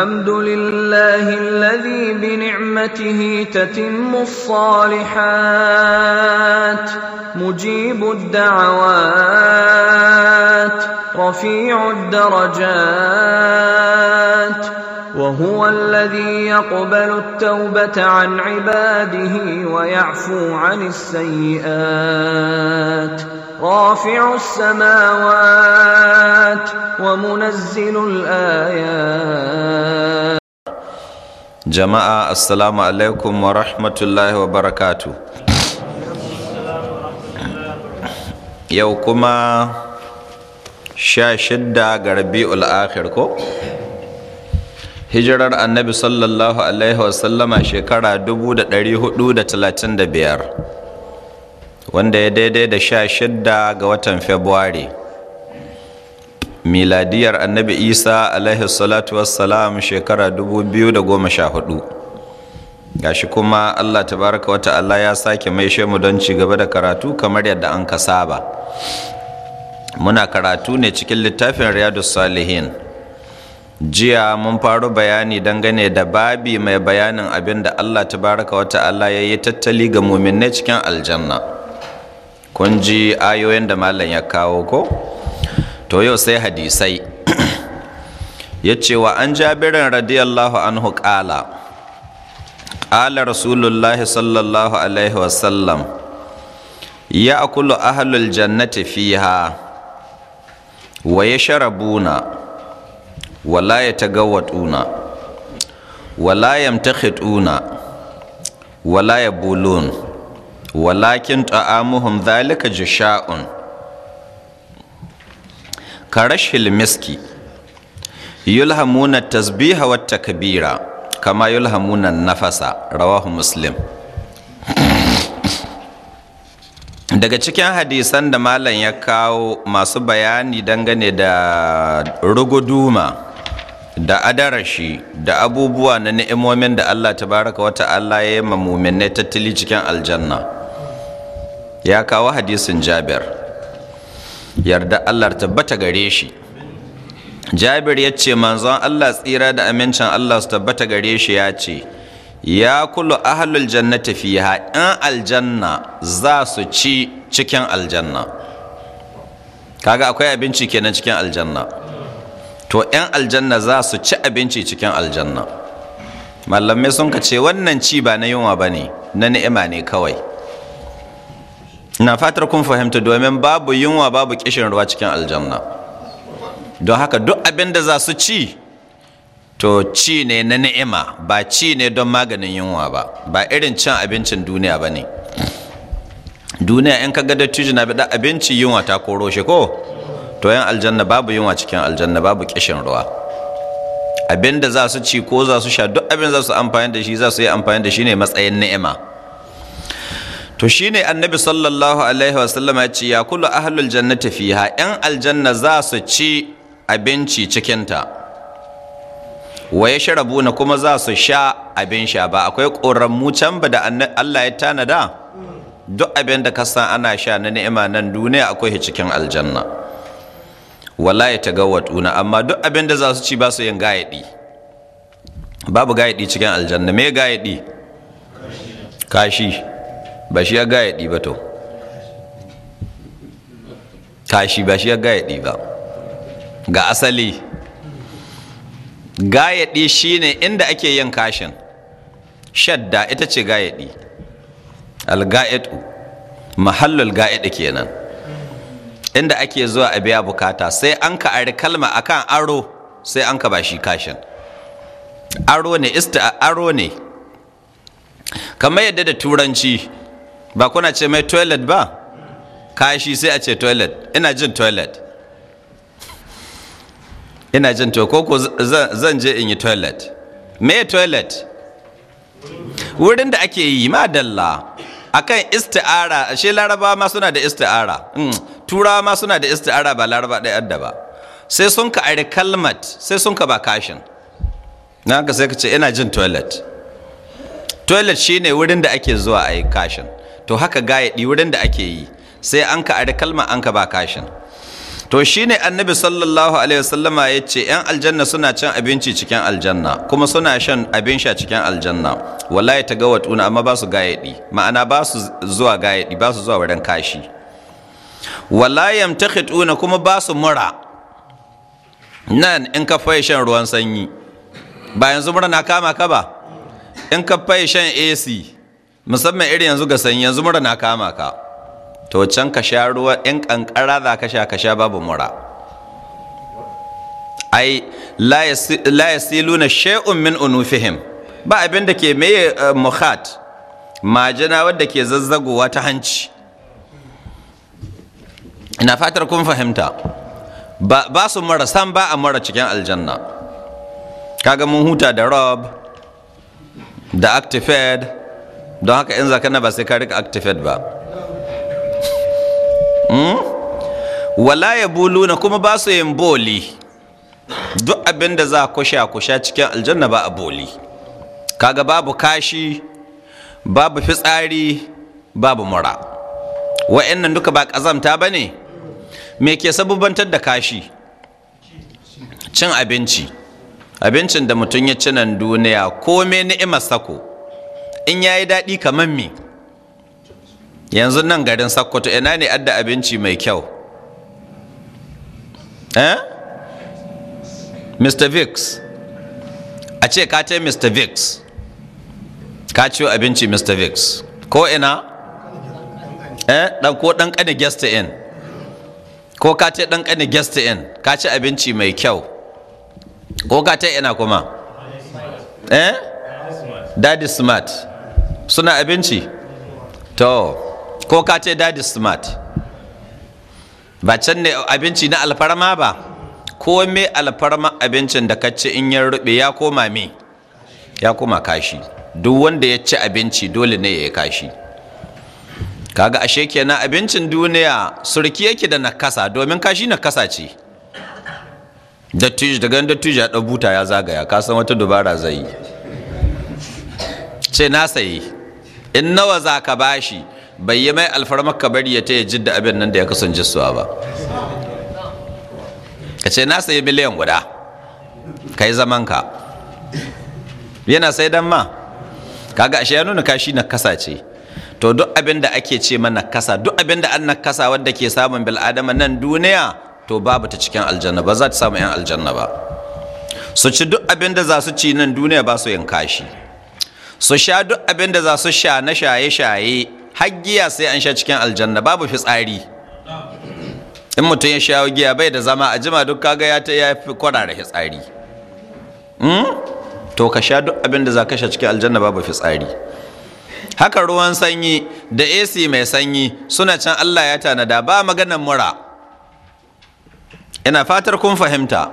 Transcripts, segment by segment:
الحمد لله الذي بنعمته تتم الصالحات مجيب الدعوات رفيع الدرجات وهو الذي يقبل التوبه عن عباده ويعفو عن السيئات رافع السماوات ومنزل الآيات جماعة السلام عليكم ورحمة الله وبركاته يوكما شاشدة غربي الآخر كو hijirar annabi sallallahu alaihi wasallama shekara 435 wanda ya daidai da sha shidda ga watan februari miladiyar annabi isa alaihi salatu wassalam shekara 2014 gashi kuma allah tabaraka wata Allah ya sake mai mu don ci gaba da karatu kamar yadda an ka saba muna karatu ne cikin littafin riyadu salihin jiya mun faru bayani dangane da babi mai bayanin abin da allah tabaraka wata allah ya yi tattali ga muminai cikin aljanna kun ji ayoyin da malam ya kawo ko to yau sai hadisai ya ce wa an jabirin radiyallahu anhu ƙala ƙala rasulullahi sallallahu alaihi wasallam ya akulu ahalul jannati fiha wa ya sharabuna wala ya tagawatuna wala yamtakhituna wala ya bulun walakin ta'amuhum zalika jisha'un karashil miski yulhamuna tasbiha wa takbira kama yulhamuna nafasa rawahu muslim daga cikin hadisan da malam ya kawo masu bayani dangane da ruguduma da adarashi da abubuwa na ni'imomin da Allah ta baraka wata, Allah ya yi muminai tattali cikin aljanna ya kawo hadisin jabir yarda allah tabbata gare shi jabir ya ce manzon allah tsira da amincin allah su tabbata gare shi ya ce ya kulu ahlul tafi fiha in aljanna za su ci cikin aljanna kaga akwai abinci kenan cikin aljanna to 'yan aljanna za su ci abinci cikin aljanna malamai sun ka ce wannan ci ba na yunwa ba ne na ni'ima ne kawai na fatar kun fahimta domin babu yunwa babu kishin ruwa cikin aljanna don haka duk abin da za su ci to ci ne na ni'ima ba ci ne don maganin yunwa ba ba irin cin abincin duniya ba ne duniya in ka ga dattijo na bi abinci yunwa ta koro shi ko to yan aljanna babu yunwa cikin aljanna babu kishin ruwa abin da za su ci ko za su sha duk abin za su amfani da shi za su yi amfani da shi ne matsayin ni'ima to shine annabi sallallahu alaihi wasallama ya ce ya kula ahlul jannati fiha yan aljanna za su ci abinci cikinta wa ya na kuma za su sha abin sha ba akwai ƙoran can ba da Allah ya tanada duk abin da kasan ana sha na ni'ima nan duniya akwai cikin aljanna wala ya tagawwatuna amma duk abin da za su ci ba su yin gayadi babu gayadi cikin aljanna me gayadi kashi ba shi ya gayadi ba to kashi ba shi ya gayadi ba ga asali gayadi ne inda ake yin kashin shadda ita ce gayadi algaidu mahallul gaidi kenan inda ake zuwa a biya bukata sai an ka ari kalma akan aro sai an ka ba shi kashin aro ne aro ne kamar yadda da turanci ba kuna ce mai toilet ba kashi sai a ce toilet ina jin toilet ina jin to ko zan je in yi toilet me toilet wurin da ake yi madalla akan isti'ara shi laraba ma suna da isti'ara mm, turawa ma suna da isti'ara ba laraba ɗaya da ba sai sun ka ari kalmat sai sun ka ba kashin na ka sai ka ce ina jin toilet toilet shine wurin da ake zuwa a yi kashin to haka gayadi wurin da ake yi sai an ka ari kalma an ka ba kashin to shine annabi sallallahu alaihi wasallama ya ce yan aljanna suna cin abinci cikin aljanna kuma suna shan abin sha cikin aljanna wallahi ta ga watuna amma ba su gayadi ma'ana ba su zuwa gayadi ba su zuwa wurin kashi wallahi yamtakhituna kuma ba su mura nan in ka faye shan ruwan sanyi ba yanzu mura na kama ka ba in ka faye shan AC musamman irin yanzu ga sanyi yanzu mura na kama ka to can ka sha ruwa in kankara za ka sha ka sha babu mura ai la na shay'un min unufihim ba abin da ke meye eh, mukhat majina wadda ke zazzagowa ta hanci ina fatar kun fahimta ba su mara san ba a mara cikin aljanna kaga mun huta da rob da actifed don haka in na ba sai ka rika activate ba hmm? wala ya bulu na kuma ba su yin boli duk abin da za kusha kusha cikin aljanna ba a boli kaga babu kashi babu fitsari babu mura wa'annan duka ba kazamta bane? ne me ke sabubantar da kashi cin abinci abincin da mutum ya ci nan duniya komai ni'imar sako in ya yi daɗi kamar me yanzu nan garin sakkwato ina ne adda abinci mai kyau eh mr vix a ce ka ce mr vix ka ciwo abinci mr vix ko ina eh ɗan ko ɗan ƙani guest in ko ka ce ɗan ƙani guest in ka ci abinci mai kyau ko ka ce ina kuma eh daddy smart suna abinci to ko ka ce daddy smart ba can ne abinci na alfarma ba ko me alfarma abincin da ka ci in ya rube ya koma me ya koma kashi duk wanda ya ci abinci dole ne ya yi kashi kaga ashe kenan abincin duniya surki yake da nakasa domin kashi nakasa ce tuji daga dattijo ya buta ya zagaya kasan wata dubara zai ce na sayi in nawa za ka bashi bai yi mai alfarmar ka bari ya ta yi jidda abin nan da ya kasance suwa ba ka ce na sayi miliyan guda ka yi zaman ka yana sai don ma kaga ashe ya nuna kashi na kasa ce to duk abin da ake ce mana kasa duk abin da an nakasa wadda ke samun bil'adama nan duniya to babu ta cikin aljanna ba za ta samu 'yan aljanna ba su ci duk abin da za su ci nan duniya ba su yin kashi su sha duk abin da za su sha na shaye-shaye haggiya sai an sha cikin aljanna babu fitsari in mutum ya sha giya bai da zama a jima duk kaga ya ta ya fi kwarara fitsari hmm? to ka sha duk abin da za ka sha cikin aljanna babu fitsari haka ruwan sanyi da AC mai sanyi suna can Allah ya tanada ba maganan mura ina fatar kun fahimta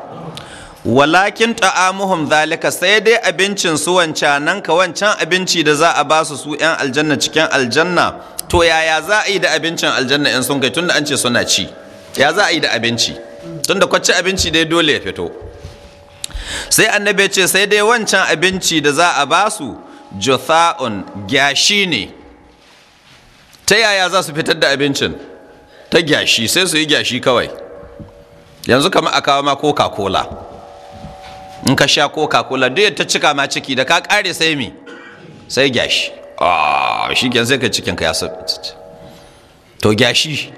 walakin ta'amuhum zalika sai dai abincin su nan ka wancan abinci da za a ba su su yan aljanna cikin aljanna to yaya za a yi da abincin aljanna in sun kai tunda an ce suna ci ya za a yi da abinci tunda kwacce abinci dai dole ya fito sai annabi ce sai dai wancan abinci da za a ba su jotha'un gyashi ne ta yaya za su fitar da abincin ta gyashi sai su yi gyashi kawai yanzu kamar a kawo ma coca-cola in ka sha coca cola duk ta cika ma ciki da ka kare sai me sai gyashi ah shi sai ka cikin ka ya to gyashi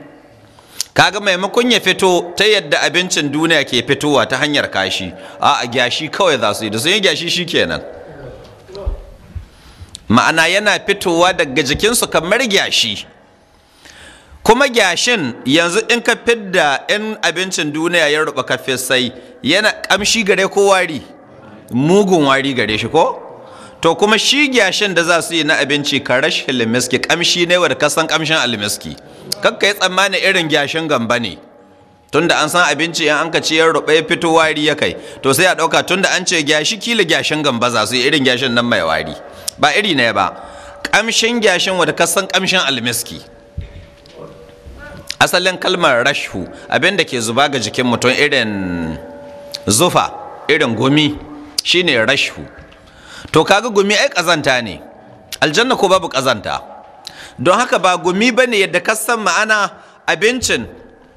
kaga maimakon ya fito ta yadda abincin duniya ke fitowa ta hanyar kashi a a gyashi kawai za su yi da sun yi gyashi shikenan ma'ana yana fitowa daga jikinsu kamar gyashi kuma gyashin yanzu in ka fidda 'yan abincin duniya ya ruɓa kafin sai yana kamshi gare ko wari mugun wari gare shi ko to kuma shi gyashin da za su yi na abinci ka rashi limiski kamshi ne wadda ka san kamshin almiski kakka yi tsammanin irin gyashin gamba ne tunda an san abinci in an ka ci yan ya fito wari ya kai to sai a ɗauka tunda an ce gyashi kila gyashin gamba za su yi irin gyashin nan mai wari ba iri ne ba kamshin gyashin wadda ka san kamshin almiski asalin kalmar rashu abinda ke zuba ga jikin mutum irin zufa irin gumi shine rashu to kaga gumi ai kazanta ne aljanna ko babu kazanta don haka ba gumi ba ne yadda kasan ma'ana abincin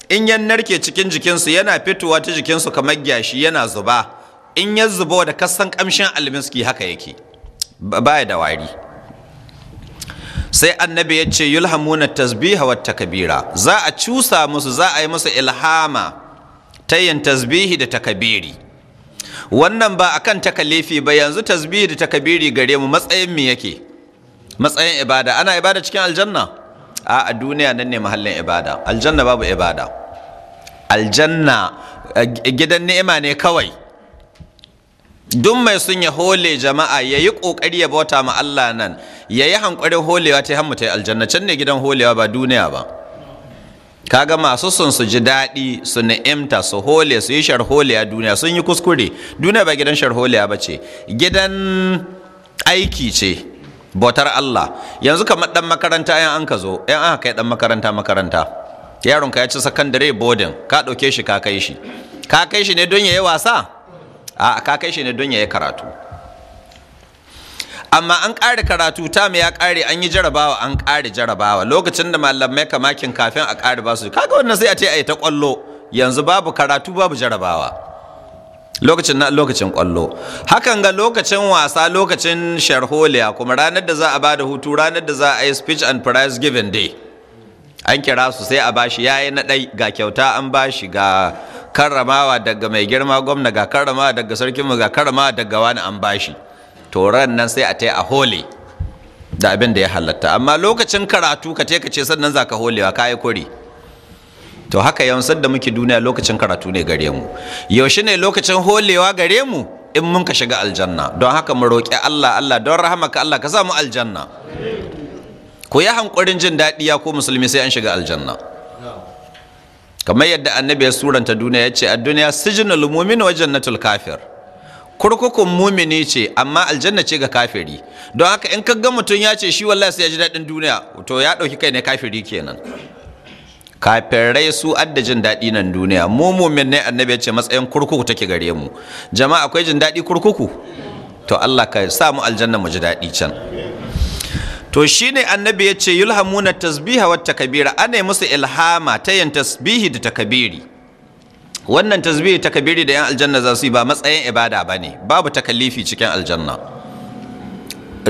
in yan narke cikin jikinsu yana fitowa ta jikinsu kamar gyashi yana zuba in ya zuba da kasan kamshin almiski haka yake baya da wari sai annabi ya ce yulhamuna tasbiha wa takabira za a cusa musu za a yi musu ilhama ta yin tasbihi da takabiri wannan ba akan takalifi ba yanzu tasbihi da takabiri gare mu matsayin mu yake matsayin ibada ana ibada cikin aljanna a duniya nan ne mahallin ibada aljanna babu ibada aljanna eh, gidan ni'ima ne kawai duk mai sun ya hole jama'a ya yi ƙoƙari ya bauta ma Allah nan ya yi hanƙwarin holewa ta hamu ta yi aljanna can ne gidan holewa ba duniya ba ga masu sun su ji daɗi su ni'imta su hole su yi a duniya sun yi kuskure duniya ba gidan hole ba ce gidan aiki ce bautar Allah yanzu kamar ɗan makaranta yan an ka zo yan aka kai ɗan makaranta makaranta yaron ka ya ci sakandare boarding ka ɗauke shi ka kai shi ka kai shi ne don ya yi wasa a ka kai shi ne don ya yi karatu amma an ƙare karatu ta ya ƙare an yi jarabawa an ƙare jarabawa lokacin da malamai kamakin kafin a ƙare ba su kaga wannan sai a ce a yi ta ƙwallo yanzu babu karatu babu jarabawa lokacin na lokacin ƙwallo hakan ga lokacin wasa lokacin sharholiya kuma ranar da za a ba da hutu ranar da za a yi speech and prize giving day an kira su sai a bashi yayi na ɗai ga kyauta an ba shi ga karramawa daga mai girma gwamna ga karramawa daga sarkin mu ga karramawa daga wani an bashi to ran nan sai a tai a hole da abin da ya halatta amma lokacin karatu ka ka ce sannan zaka holewa ka yi kuri to haka yawansar da muke duniya lokacin karatu ne gare mu yaushe ne lokacin holewa gare mu in mun ka shiga aljanna don haka mu roƙi Allah Allah don rahamaka Allah ka samu aljanna ku yi hankurin jin daɗi ya ko musulmi sai an shiga aljanna kamar yadda annabi ya suranta duniya ya ce a duniya sijinul mumin wa jannatul kafir kurkukun mumini ce amma aljanna ce ga kafiri don haka in ka ga mutum ya ce shi wallahi sai ya ji daɗin duniya to ya ɗauki kai ne kafiri kenan kafirai su adda jin daɗi nan duniya mu mumin ne annabi ya ce matsayin kurkuku take gare mu jama'a akwai jin daɗi kurkuku to Allah ka sa mu aljanna mu ji daɗi can to shi ne annabi ya ce yulhamuna tasbiha wa takabira ana musu ilhama ta yin tasbihi da takabiri wannan tasbihi takabiri da yan aljanna za su yi ba matsayin ibada ba ne babu takallifi cikin aljanna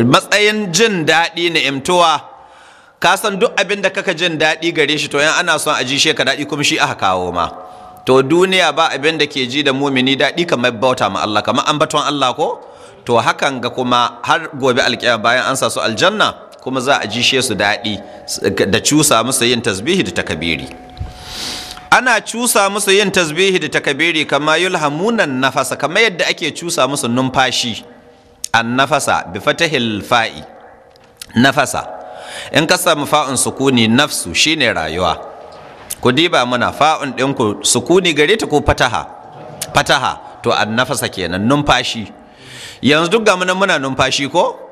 matsayin jin daɗi na imtuwa ka san duk abin da kaka jin daɗi gare shi to yan ana son a ji shi ka daɗi kuma shi aka kawo ma to duniya ba abin da ke ji da mumini daɗi kamar bauta ma Allah kamar ambaton Allah ko to hakan ga kuma har gobe alƙiyama bayan an sa aljanna kuma za a jishe su daɗi da cusa musu yin tasbihi da takabiri ana cusa musu yin tasbihi da takabiri kama yulhamunan nafasa kama yadda ake cusa musu numfashi an nafasa bi fatahil fa'i nafasa in ka samu fa'un sukuni nafsu shine rayuwa ku diba muna fa'un ɗinku sukuni gare ta ko fataha fataha to an nafasa kenan numfashi yanzu duk ga muna numfashi ko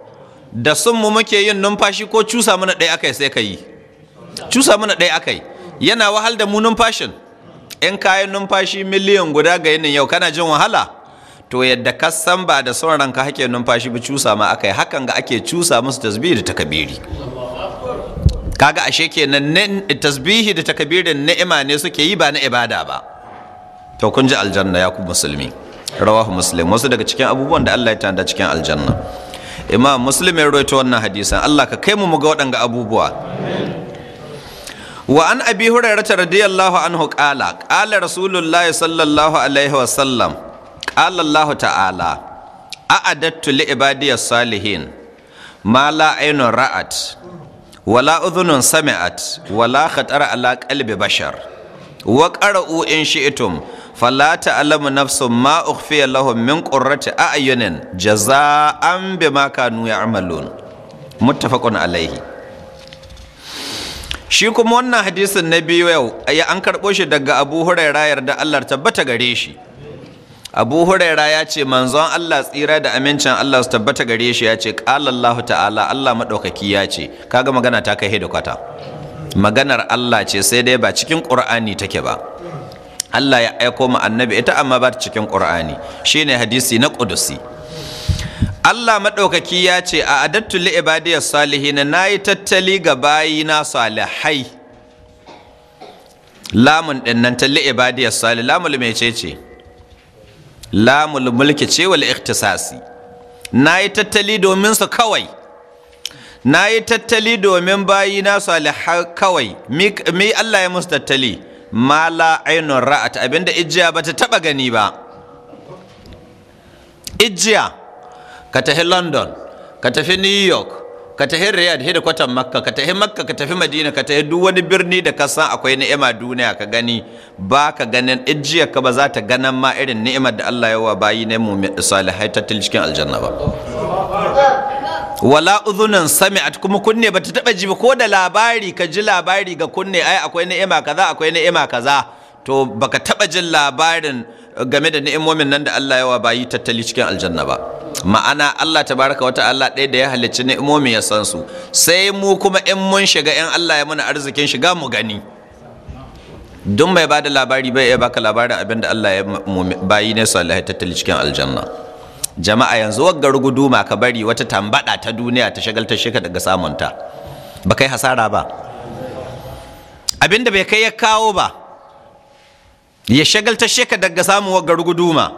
da sun mu muke yin numfashi ko cusa mana ɗaya akai sai ka yi cusa mana ɗaya akai yana wahal da mu numfashin in kayan numfashi miliyan guda ga yinin yau kana jin wahala to yadda ka san ba da son ranka hake numfashi ba cusa ma akai hakan ga ake cusa musu tasbihi da takabiri kaga ashe kenan tasbihi da takabirin ni'ima ne suke yi ba na ibada ba to kun ji aljanna ya ku musulmi rawahu muslim wasu daga cikin abubuwan da Allah ya tanda cikin aljanna imam muslim ya rawaito wannan hadisan Allah ka kai mu muga ga waɗanga abubuwa wa an abi hurairata radiyallahu anhu qala qala rasulullahi sallallahu alaihi wasallam qala Allah ta'ala a'adattu li ibadiy salihin ma la aynun ra'at wala udhunun sami'at wala khatara ala qalbi bashar wa qara'u in shi'tum fala alamu nafsun ma ukhfiya lahum min qurrati a'yunin jazaa'an bima kanu ya'malun muttafaqun alaihi shi kuma wannan hadisin na biyu yau ya an karɓo shi daga abu huraira yarda allah tabbata gare shi abu huraira ya ce manzon allah tsira da amincin allah su tabbata gare shi ya ce Allah ta'ala allah maɗaukaki ya ce kaga magana ta kai kwata maganar allah ce sai dai ba cikin ƙur'ani take ba Allah ya aiko ma annabi ita amma ba ta cikin Qur'ani shine hadisi na Qudusi Allah maɗaukaki ya ce a adattu li ibadiyas na yi tattali ga bayina salihai lamun din nan talli ibadiyas salih lamul mecece lamul mulki ce wal ikhtisasi yi tattali domin su kawai yi tattali domin bayina salihai kawai mi Allah ya musu tattali mala la ra'at abinda ijiya ta taba gani ba ijiya ka tafi london ka tafi new york ka tafi riyadh hida kwatan makka ka tafi makka ka tafi madina ka tafi duk wani birni da ka akwai ni'ima duniya ka gani ba ka ganin ijiya ka ba za ta ganin ma irin ni'imar da Allah yawa bayi na mu salihai ta cikin aljanna ba wala uzunin sami'at kuma kunne bata taba ji ko da labari ka ji labari ga kunne ai akwai ni'ima kaza akwai ni'ima kaza to baka taba jin labarin game da ni'imomin nan da Allah yawa bayi tattali cikin aljanna ba ma'ana Allah baraka wata Allah ɗaya da ya halicci ni'imomin ya san su sai mu kuma in mun shiga in Allah ya mana arzikin shiga mu gani duk mai bada labari bai iya baka labarin abin da Allah ya bayi ne salihai tattali cikin aljanna jama'a yanzu wagga guduma ka bari wata tambada ta duniya ta shagaltar shi daga samunta ba kai hasara ba abinda bai kai ya kawo ba ya shagaltar shi daga samun wagga guduma.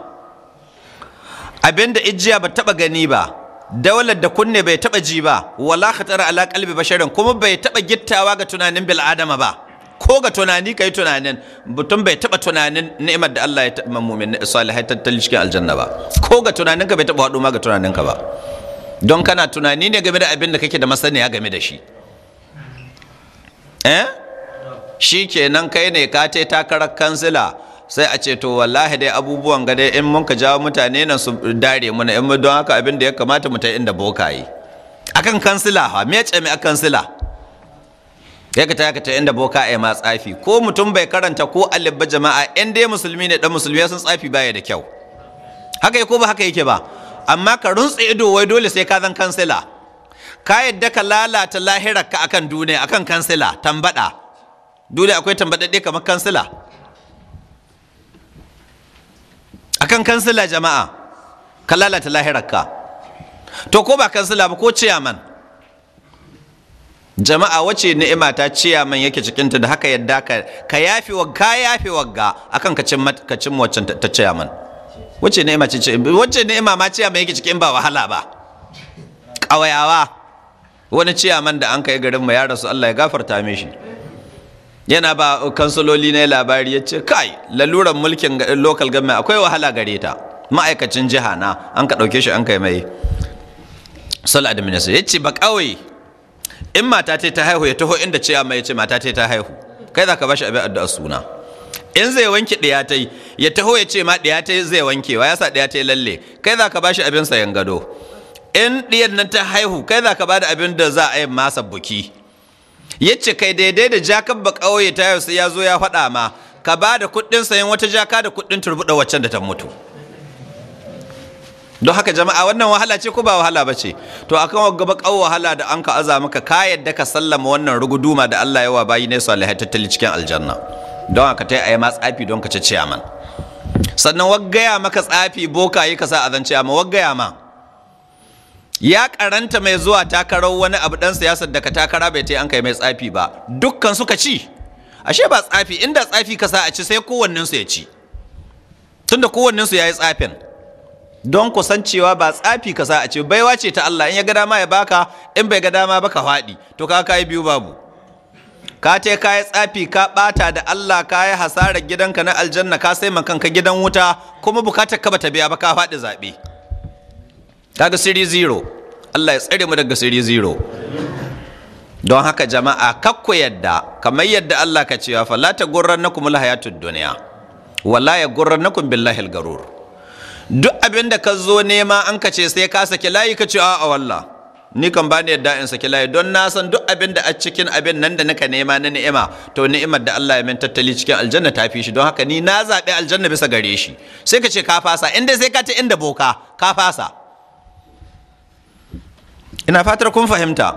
abinda ijiya ba taba gani ba daular da kunne bai taba ji ba wala khatara ala qalbi basharin kuma bai taba gittawa ga tunanin bil adama ba ko ga tunani kai tunanin mutum bai taba tunanin ni'imar da Allah ya taba mu'min salihai tattalin cikin aljanna ba ko ga tunanin ka bai taba hadu ma ga tunanin ka ba don kana tunani ne game da abin da kake da masaniya game da shi eh shi kenan kai ne ka ta takarar kansila sai a ce to wallahi dai abubuwan gade in mun ka jawo mutane nan su dare muna in don haka abin da ya kamata mu ta inda bokaye akan kansila ha me ce mai akan kansila ya ka ka ta yanda boka a ma tsafi ko mutum bai karanta ko alibba jama'a yan dai musulmi ne dan musulmi sun tsafi baya da kyau haka ko ba haka yake ba amma ka runtse ido wai dole sai ka zan kansila ka yadda ka lalata lahirar ka akan duniya akan kansila tambada dole akwai dai kamar kansila akan kansila jama'a ka lalata lahirar ka to ko ba kansila ba ko ciyaman jama'a wace ni'ima ta ciya man yake cikinta da haka yadda ka ka yafi wagga yafi wagga akan ka cin ka cin wacce ta ciya man wace ni'ima ce wace ni'ima ma ciya man yake cikin ba wahala ba kawayawa wani ciya man da an kai garin mu ya rasu Allah ya gafarta mishi yana ba kansuloli na labari ya ce kai laluran mulkin local government akwai wahala gare ta ma'aikacin jiha na an ka ɗauke shi an kai mai sal administration ya ce ba kawai in mata ce ta haihu ya taho inda ce amma ce mata ce ta haihu kai za ka bashi abin addu'a suna in zai wanke ɗiyatai ya taho ya ce ma ɗiyatai zai wanke wa ya sa ta yi lalle kai za ka bashi abin sayan gado in ɗiyan nan ta haihu kai za ka bada abin da za a yi masa buki ya ce kai daidai da jakan ba ƙauye ta yau sai ya zo ya faɗa ma ka ba da kuɗin sayan wata jaka da kuɗin turbuɗa waccan da ta mutu don haka jama'a wannan wahala ce ko ba wahala ba ce to a kan gaba kawo wahala da an ka aza maka ka yadda ka sallama wannan ruguduma da Allah yawa bayi ne lahai tattali cikin aljanna don haka a yi ma tsafi don ka ci ciyaman sannan waggaya maka tsafi boka yi ka sa azan ciyama waggaya ma ya karanta mai zuwa takarar wani abu dan siyasa da ka takara bai ta an kai mai tsafi ba dukkan suka ci ashe ba tsafi inda tsafi ka sa a ci sai kowannensu su ya ci tunda kowannensu ya yi tsafin don cewa ba tsafi ka sa a ce baiwa ce ta Allah in ya ga dama ya baka in bai ga dama baka faɗi to ka kai biyu babu ka te ka yi tsafi ka ɓata da Allah ka yi hasarar gidanka na aljanna ka sai kanka gidan wuta kuma bukatar ka bata biya ba ka faɗi zaɓe kaga siri zero Allah ya tsare mu daga siri zero don haka jama'a kakku yadda kamar yadda Allah ka cewa fa la ta gurrannakum al hayatud dunya wala ya gurrannakum billahi al garur duk abin da ka zo nema an ka ce sai ka saki layi ka ce a'a walla ni kan ba ni yadda in saki layi don na san duk abin da a cikin abin nan da nika nema na ni'ima to ni'imar da Allah ya min tattali cikin aljanna ta fi shi don haka ni na zaɓi aljanna bisa gare shi sai ka ce ka fasa inda sai ka ta inda boka ka fasa ina fatar kun fahimta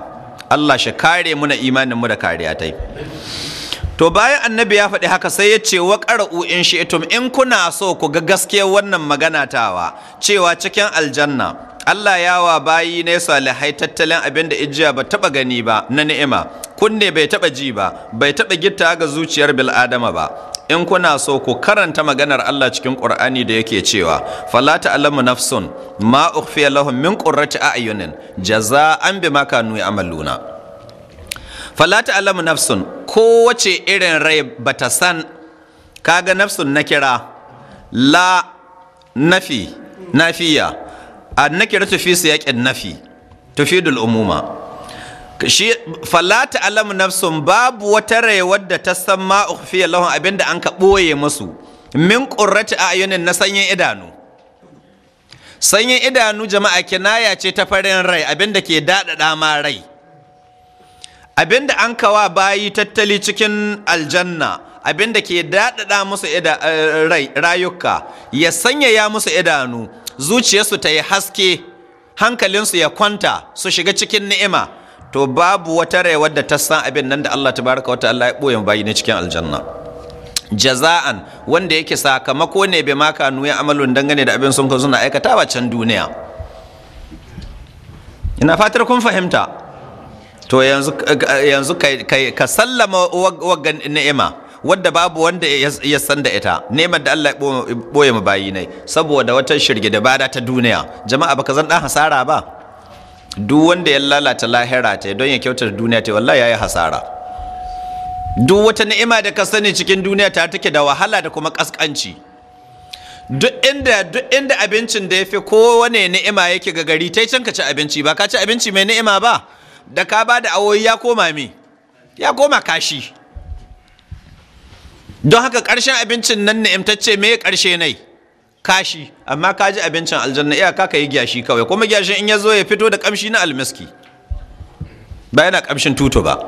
Allah shi kare muna imanin mu da kariya tai to bayan annabi ya faɗi haka sai ya ce wa ƙara'u in Shetum in kuna so ku ga gaskiyar wannan magana tawa cewa cikin aljanna Allah ya yawa bayi ne salihai tattalin abin da ijiya ba taɓa gani ba na ni'ima kunne bai taɓa ji ba bai taɓa gita ga zuciyar bil'adama ba in kuna so ku karanta maganar Allah cikin Qur'ani da yake cewa fala alamu nafsun ma ukhfiya lahum min qurrati a'yunin bi bima kanu ya'maluna falata alamu nafsun kowace irin rai bata san kaga nafsun na kira la nafi nafiya a kira tufi su yaƙin nafi tufi umuma shi falata alamu nafsun babu wata rai wadda ta san ma ukhfiya lahum abinda an ka ɓoye musu min a ayyunan na sanyin idanu sanyin idanu jama'a kinaya ce ta farin rai abinda ke daɗaɗa ma rai Abin da an kawa bayi tattali cikin aljanna abin da ke daɗaɗa musu eh, rayuka ya sanyaya musu idanu zuciyarsu ta yi haske hankalinsu ya kwanta su shiga cikin ni'ima to babu wata rai wadda ta san abin nan da Allah ta baraka wata Allah ya ɓoye bayi ne cikin aljanna jaza'an wanda yake sakamako ne bai maka nuya amalun dangane da abin sun ka suna aikata ba can duniya ina fatar kun fahimta to yanzu ka sallama wagga ni'ima wadda babu wanda ya san da ita neman da Allah ya boye mu bayi ne saboda wata shirge da bada ta duniya jama'a baka zan dan hasara ba duk wanda ya lalata lahira ta don ya kyautar duniya ta wallahi yayi hasara duk wata ni'ima da ka sani cikin duniya ta take da wahala da kuma kaskanci duk inda duk inda abincin da yafi kowane ni'ima yake ga gari tai can ka ci abinci ba ka ci abinci mai ni'ima ba da ka ba da awoyi ya koma me ya koma kashi don haka ƙarshen abincin nan ni'imtacce me karshe nai kashi amma ka ji abincin aljanna iya ka yi gyashi kawai kuma gyashin in ya zo ya fito da ƙamshi na almiski ba yana ƙamshin tutu ba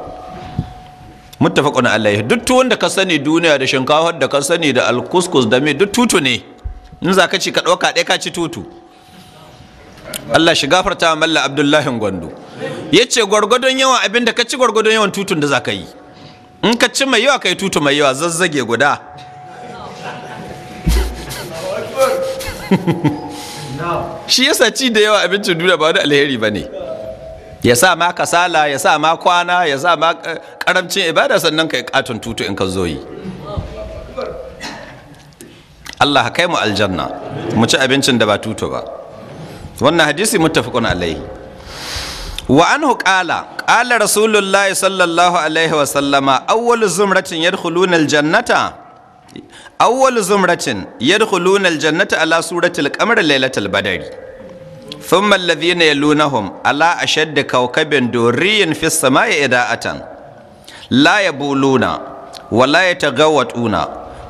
muttafaqun alaihi duk tuwon da ka sani duniya da shinkafar da ka sani da alkuskus da me duk tutu ne in za ka ci ka ɗauka ɗaya ka ci tutu Allah shi gafarta malla Abdullahi Gwandu. ya ce gwargwadon yawan abin da ka ci gwargwadon yawan tutun da za ka yi in ka ci mai yawa ka yi tutu mai yawa zazzage guda shi yasa ci da yawa abincin duniya ba wani alheri ba ne ya sa ma kasala ya sa ma kwana ya sa ma karamcin eh, ibada sannan ka yi katon tutu in ka zo yi Allah kai mu aljanna mu ci abincin da ba tutu ba wannan hadisi muttafaqun alaihi wa anhu qala qala rasulullahi sallallahu alaihi wa sallama awwalu zumratin yadkhuluna aljannata awwalu zumratin yadkhuluna aljannata ala suratil qamar lailatul badri thumma alladhina yalunahum ala ashaddi kawkabin duriyin fis samai ida'atan la yabuluna wala yataghawatuna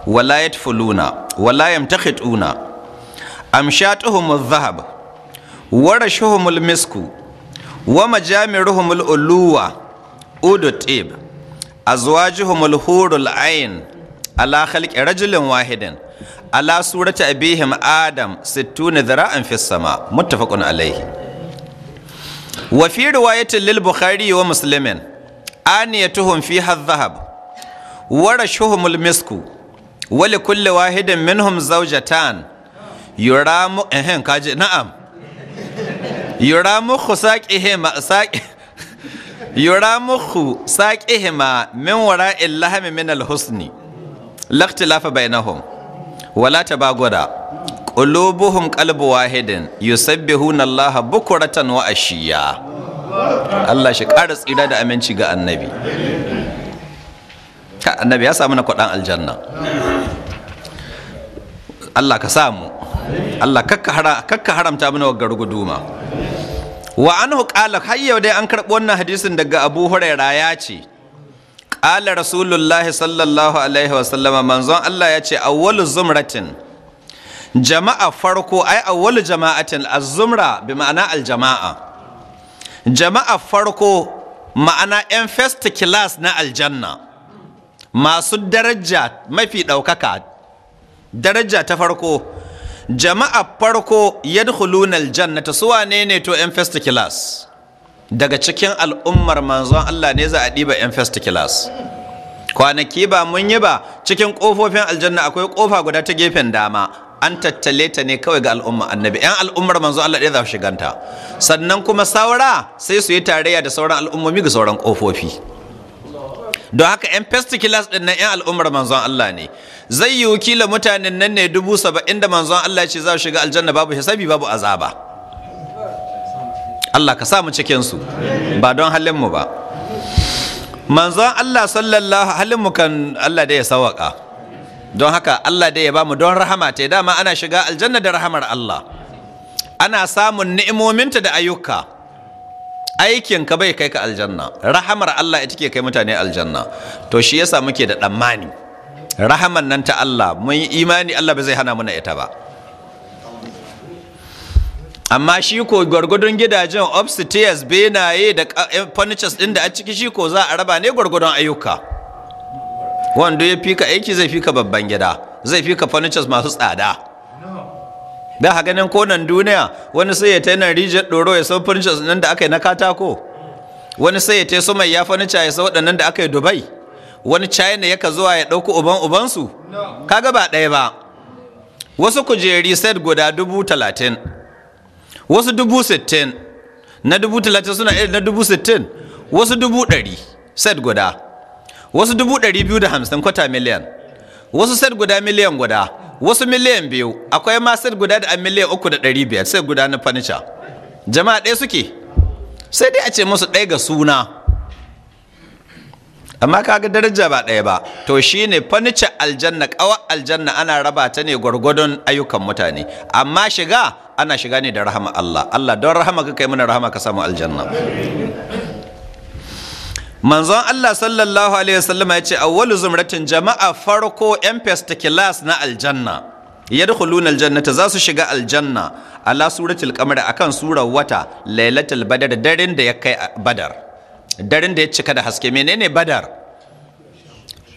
wala yatfuluna wala yamtakhituna amshatuhum adh-dhahab wa rashuhum al-misku wa majami'ruhumul uluwa udutib azwajuhumul hurul ain ala khalqi rajulin wahidin ala surati abihim adam 60 dhira'an fis sama muttafaqun alayhi wa fi riwayatin lil bukhari wa muslimin aniyatuhum fiha adh-dhahab wa rashuhumul misku wa likulli wahidin minhum zawjatan yuramu ehem kaji na'am yura muku saƙihima saƙi yura muku saƙihima min wara illaha min alhusni laktilafa bainahum wala tabagoda qulubuhum qalbu wahidin yusabbihuna allaha bukuratan wa ashiya Allah shi ƙara tsira da aminci ga annabi ka annabi ya samu na kwaɗan aljanna Allah ka samu Allah kakka haramta mana wa garguduma wa anhu Har yau dai an karɓi wannan hadisin daga Abu huraira ya ce qala rasulullahi sallallahu alaihi wasallama manzon Allah ya ce awwalu zumratin jama'a farko ai awwalu jama'atin az-zumra bi ma'ana al-jama'a jama'a farko ma'ana yan first class na aljanna masu daraja mafi ɗaukaka daraja ta farko jama'a farko yadkhuluna jannata su wane ne to yan first class daga cikin al'ummar manzon Allah ne za a ɗiba yan first class kwanaki ba mun yi ba cikin ƙofofin aljanna akwai kofa guda ta gefen dama an tattale ta ne kawai ga al'umma annabi yan al'ummar manzo Allah ɗaya za su shiganta sannan kuma saura sai su yi tarayya da sauran al'ummomi ga sauran ƙofofi. don haka 'yan first class ɗin nan 'yan al'ummar manzon Allah ne zai yi wakilin mutanen nan ne dubu saba'in da manzon Allah ce za su shiga aljanna babu hisabi babu azaba Allah ka samu cikinsu ba don halinmu ba manzon Allah sallallahu halinmu kan Allah da ya sawaka don haka Allah da ya ba mu don rahama ta dama ana shiga aljanna da rahamar Allah ana samun ni'imominta da ayyuka aikin ka bai kai ka aljanna rahamar Allah ita ke kai mutane aljanna to shi yasa muke da damani. rahaman nan ta Allah mun yi imani Allah ba zai hana mana ita ba amma shi ko gwargwadon gidajen upstairs benaye da eh, furnitures din da a ciki shi ko za a raba ne gwargwadon ayyuka wanda ya fika aiki zai fika babban gida zai fika furnitures masu tsada da ha ganin konan duniya wani sai ya ta yana rijiyar ɗoro ya sau furnishas nan da aka yi na katako wani sai ya ta su mai ya furnisha ya sau waɗannan da aka yi dubai wani china yaka zuwa ya ɗauko uban ubansu ka ba ɗaya ba wasu kujeri set guda dubu talatin wasu dubu sittin na dubu talatin suna irin na dubu sittin wasu dubu ɗari set guda wasu dubu ɗari biyu da hamsin kwata miliyan wasu set guda miliyan guda wasu miliyan biyu akwai ma guda da miliyan uku da ɗari biyar sai guda na fanica jama'a ɗaya suke sai dai a ce musu ɗaya ga suna amma kaga daraja ba ɗaya ba to shine fanica aljanna ƙawa aljanna ana raba ta ne gwargwadon ayyukan mutane amma shiga ana shiga ne da rahama Allah Allah don rahama ka kai mana rahama ka samu aljanna manzon Allah sallallahu alaihi wasallam ya ce awwalu zumratin jama'a farko yan first na aljanna yadkhuluna aljannata za su shiga aljanna ala suratul qamar akan surar wata lailatul badar daren da ya kai badar darin da ya cika da haske menene badar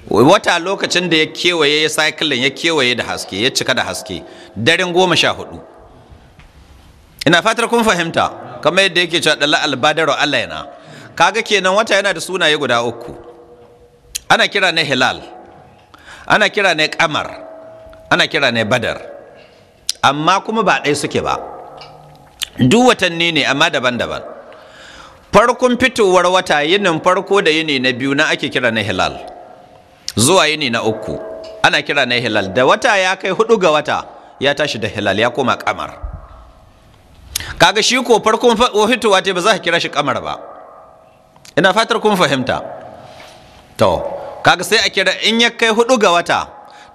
wata lokacin da ya kewaye ya cycling ya kewaye da haske ya cika da haske Darin goma sha hudu ina fatar kun fahimta kamar yadda yake cewa dala albadaru alaina kaga kenan wata yana da sunaye guda uku ana kira ne hilal ana kira ne kamar ana kira ne badar amma kuma ba ɗaya suke ba duk watanni ne amma daban-daban farkon fitowar wata yinin farko da yini na biyu na ake kira na hilal zuwa yini na uku ana kira na hilal da wata ya kai hudu ga wata ya tashi da hilal ya koma kamar kaga shi ko farkon fitowa ta ba za ka kira shi kamar ba ina fatar kun fahimta to kaga sai a kira in ya kai hudu ga wata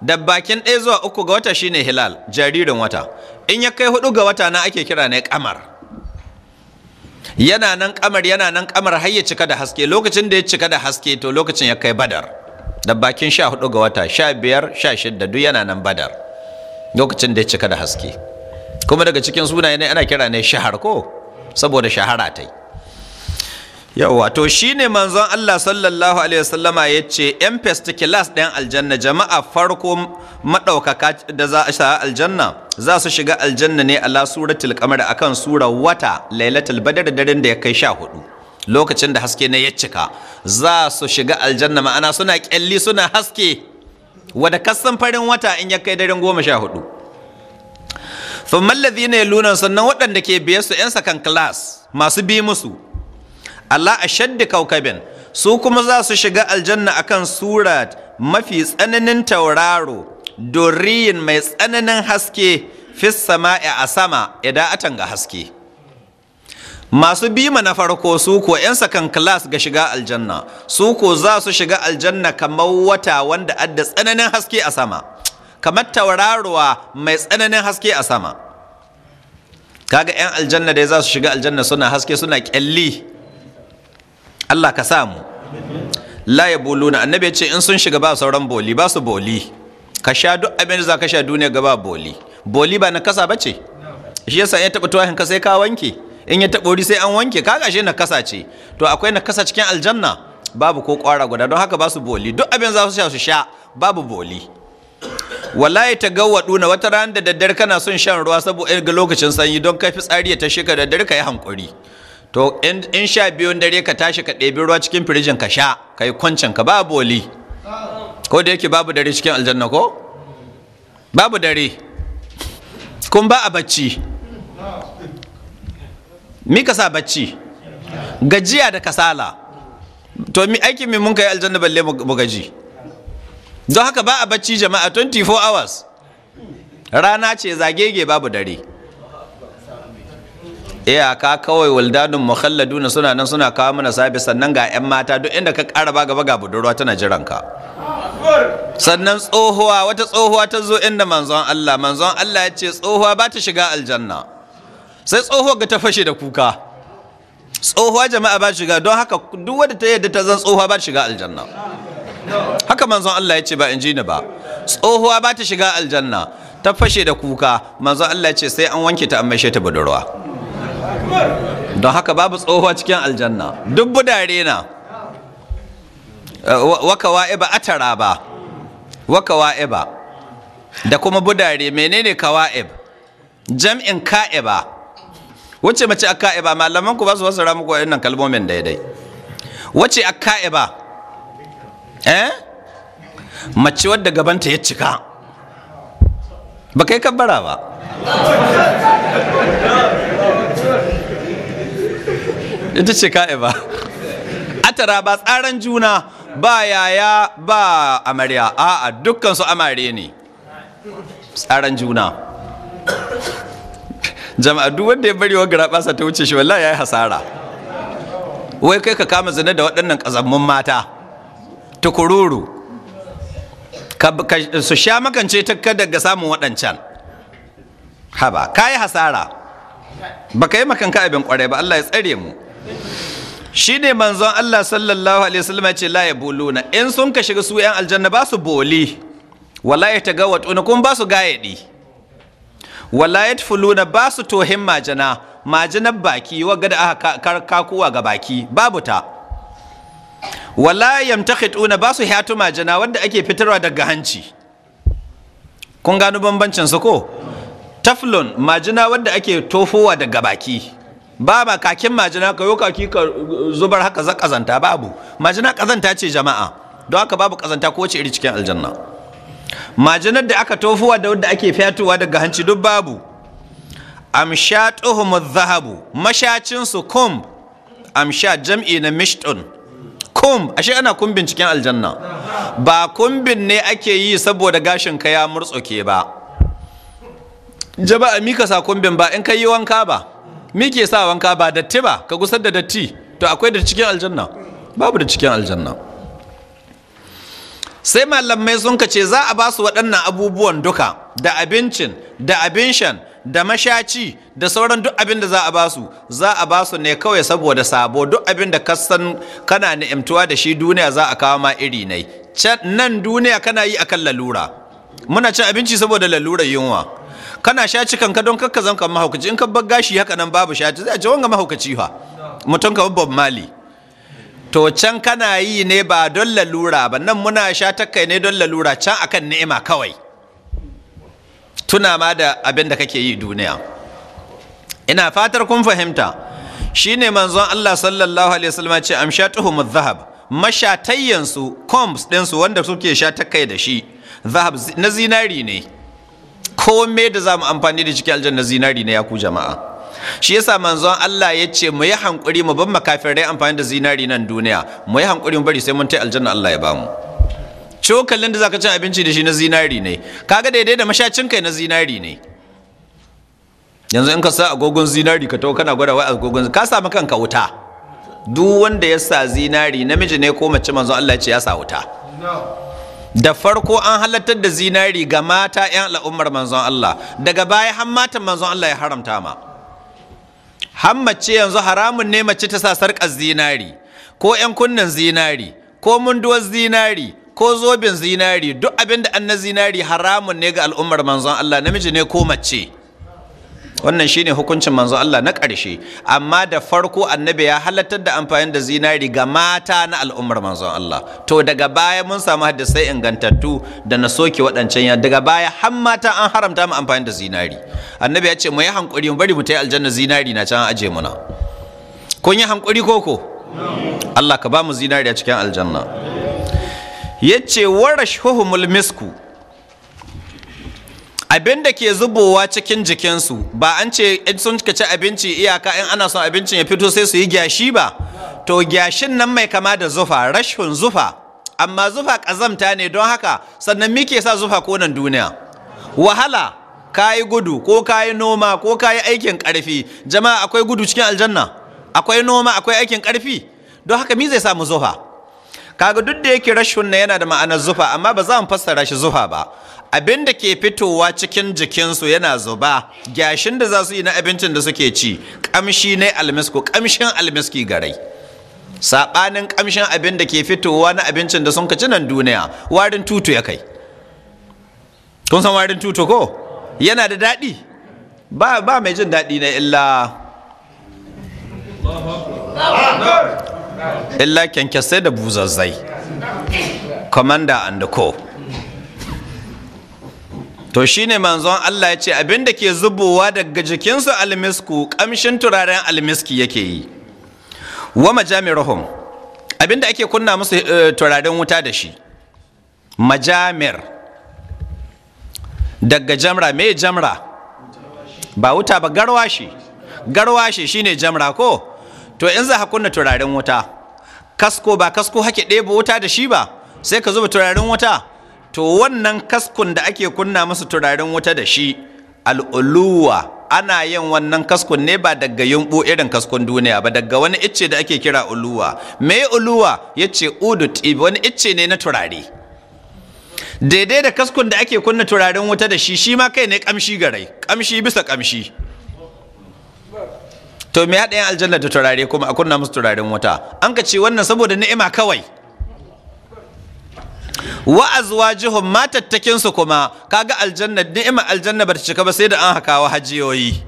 da bakin ɗaya zuwa uku ga wata shine hilal jaririn wata in ya kai hudu ga wata na ake kira ne kamar yana nan kamar yana nan kamar har ya cika da haske lokacin da ya cika da haske to lokacin ya kai badar da bakin sha hudu ga wata sha biyar sha shida duk yana nan badar lokacin da ya cika da haske kuma daga cikin sunaye ne ana kira ne shahar ko saboda shahara ta yi yawa to shine manzon Allah sallallahu alaihi wasallama yace yan first class ɗin aljanna jama'a farko madaukaka da za a shiga aljanna za su shiga aljanna ne ala suratul qamar akan sura wata lailatul badr daren da ya kai sha hudu lokacin da haske na ya cika za su shiga aljanna ma'ana suna kyalli suna haske wada kasan farin wata in ya kai daren goma sha hudu ne a yaluna sannan waɗanda ke biye su yan second class masu bi musu Allah a shaddi kaukabin su kuma za su shiga aljanna akan surat mafi tsananin tauraro doriyin mai tsananin haske fissa ma'a a sama atan ga haske masu bima na farko su ko 'yan sakan class ga shiga aljanna su ko za su shiga aljanna kamar wata wanda adda tsananin haske a sama kamar tauraruwa mai tsananin haske a sama kaga 'yan aljanna dai za su shiga aljanna suna haske suna kyalli Allah ka sa mu la ya buluna annabi ya ce in sun shiga ba sauran boli ba su boli ka sha duk abin da za ka sha duniya gaba boli boli ba na kasa ba ce shi yasa ya taɓa tuwahin ka sai ka wanke in ya taɓa wuri sai an wanke ka gashe na kasa ce to akwai na kasa cikin aljanna babu ko ƙwara guda don haka ba su boli duk abin za su sha su sha babu boli wallahi ta gawwadu na wata ranar da daddare kana son shan ruwa saboda ga lokacin sanyi don kai ya ta shika daddare ka yi hankuri to in sha biyun dare ka tashi ka ɗebi ruwa cikin firijin ka sha ka yi kwancin ka ba boli ko da yake babu dare cikin aljanna ko babu dare kun ba a bacci mi ka sa bacci gajiya da kasala to mi aikin mi mun kai aljanna balle mu gaji don haka ba a bacci jama'a 24 hours rana ce zagege babu dare iyaka kawai waldanun mukhalladuna suna nan suna kawo mana sabi sannan ga 'yan mata duk inda ka ƙara ba gaba ga budurwa tana jiranka. ka sannan tsohuwa wata tsohuwa ta zo inda manzon Allah manzon Allah ya ce tsohuwa ba ta shiga aljanna sai tsohuwa ga ta fashe da kuka tsohuwa jama'a ba shiga don haka duk wanda ta yadda ta zan tsohuwa ba ta shiga aljanna haka manzon Allah ya ce ba in ji ni ba tsohuwa ba ta shiga aljanna ta fashe da kuka manzon Allah ya ce sai an wanke ta an maishe ta budurwa don haka babu tsohuwa cikin aljanna duk budare na eh, waka a atara ba waka ba. da kuma budare menene kawa'ib jam'in ka'iba wacce mace a ka'iba malaman ku ba su wasara muku nan kalmomin daidai wacce a ka'iba eh mace wadda gabanta ya cika ba kai kabbara ba ita ce A atara ba tsaran juna ba yaya ba amarya a'a dukkan su amare ne tsaran juna jama'a duk wanda ya bari wa garabasa ta wuce shi wallahi yayi hasara wai kai ka kama zina da waɗannan ƙazammun mata tukururu su sha makance ta daga samun waɗancan haba ka yi hasara ba ka yi makanka abin ƙwarai ba Allah ya tsare mu shi ne manzon Allah sallallahu alaihi wasallam ya ce la ya buluna in sun ka shiga su yan aljanna ba su boli wala ya ga na kuma ba su gayadi wala ya tfuluna ba su tohin majana majinar baki wa gada aka kakuwa ga baki babu ta wala yamtakhituna ba su hatu majana wanda ake fitarwa daga hanci kun gano bambancin su ko taflon majina wadda ake tofowa daga baki baba kakin majina ka yo kaki ka zubar haka za kazanta babu majina kazanta ce jama'a don haka babu kazanta ko ce iri cikin aljanna majinar da aka tofuwa da wadda ake fiyatuwa daga hanci duk babu amshatuhum adh mashacin su kum amsha jam'i na mishtun kum ashe ana kumbin cikin aljanna ba kumbin ne ake yi saboda gashin ka ya murtsoke ba a mika sa kumbin ba in kai yi wanka ba me ke sa wanka ba datti ba ka gusar da datti to akwai da cikin aljanna babu da cikin aljanna sai malamai sun ce za a ba su waɗannan abubuwan duka da abincin da abin da mashaci da sauran duk abin da za a ba su za a ba su ne kawai saboda sabo duk abin da ka san kana ni'imtuwa da shi duniya za a kawo ma iri ne nan duniya kana yi akan lalura muna cin abinci saboda lalurar yunwa kana sha ka don kakka zan ka mahaukaci in ka bar gashi haka nan babu shaci zai ce wanga mahaukaci fa mutum ka Bob mali to can kana yi ne ba don lalura ba nan muna sha takai ne don lalura can akan ni'ima kawai tuna ma da abin da kake yi duniya ina fatar kun fahimta shine manzon Allah sallallahu alaihi wasallam ce amshatuhum adh-dhahab mashatayyansu combs ɗinsu wanda suke sha takai da shi zahab na zinari ne komai da za mu amfani da cikin aljanna zinari na yaku jama'a shi yasa manzon Allah ya ce mu yi hankuri mu bar makafirai amfani da zinari nan duniya mu yi hankuri mu bari sai mun tai aljanna Allah ya bamu cokalin da zaka ci abinci da shi na zinari ne kaga daidai da mashacin kai na zinari ne yanzu in ka sa agogon zinari ka tawo kana gwada wai agogon ka maka kanka wuta duk wanda ya sa zinari namiji ne ko mace manzon Allah ya ce ya sa wuta da farko an halartar da zinari ga mata 'yan al'ummar manzon Allah daga baya har mata manzon Allah ya haramta ma han mace yanzu haramun ne mace ta sa sarƙar zinari ko 'yan kunnen zinari ko munduwar zinari ko zobin zinari duk abin da an zinari haramun ne ga al'ummar manzon Allah namiji ne ko mace wannan shine hukuncin manzo Allah na ƙarshe amma da farko annabi ya halartar da amfani da zinari ga mata na al'ummar manzon Allah to daga baya mun samu hadisai ingantattu da na soke waɗancan ya daga baya har mata an haramta mu amfani da zinari annabi ya ce mu yi hankuri mu bari mu tai aljanna zinari na can aje muna kun yi hankuri koko Allah ka ba mu zinari a cikin aljanna yace warashuhumul misku abin da ke zubowa cikin jikinsu ba an ce in sun ci abinci iyaka in ana son abincin ya fito sai su yi gyashi ba to gyashin nan mai kama da zufa rashin zufa amma zufa kazamta ne don haka sannan mi ke sa zufa konan duniya wahala ka yi gudu ko ka yi noma ko ka yi aikin ƙarfi jama'a akwai gudu cikin aljanna akwai noma akwai aikin ƙarfi don haka mi zai samu zufa kaga duk da yake rashin na yana da ma'anar zufa amma ba za mu fassara shi zufa ba abin da ke fitowa cikin jikinsu yana zuba Gashin da za su yi na abincin da suke ci ƙamshi ne almisku ƙamshin almiski garai saɓanin ƙamshin abin da ke fitowa na abincin da sun ci nan duniya warin tutu ya kai kun san warin tutu ko yana da daɗi ba ba mai jin daɗi na illa illa kyankyasai da buzazzai commander and co to shi ne manzon Allah ya ce abin da ke zubowa daga jikinsu almisku ƙamshin turaren almiski yake yi wa majamirhum abin da ake kunna musu eh, turaren wuta da shi majamir daga jamra me jamra ba wuta ba garwashi garwashi shine jamra ko to in za ka kunna turaren wuta kasko ba kasko hake ɗebo wuta da shi ba sai ka zuba turaren wuta to wannan kaskun da ake kunna musu turaren wuta da shi al'uluwa ana yin wannan kaskun ne ba daga yumbu irin kaskun duniya ba daga wani icce da ake kira uluwa me uluwa ya ce udut wani icce ne na turare daidai da kaskun da ake kunna turaren wuta da shi shi ma kai ne kamshi garai kamshi bisa kamshi to me haɗa yin aljanna da turare kuma a kunna musu turaren wuta an ka ce wannan saboda ni'ima kawai wa azwajuhum matattakin su kuma kaga aljanna ni'ima aljanna bata cika ba sai da an hakawa hajiyoyi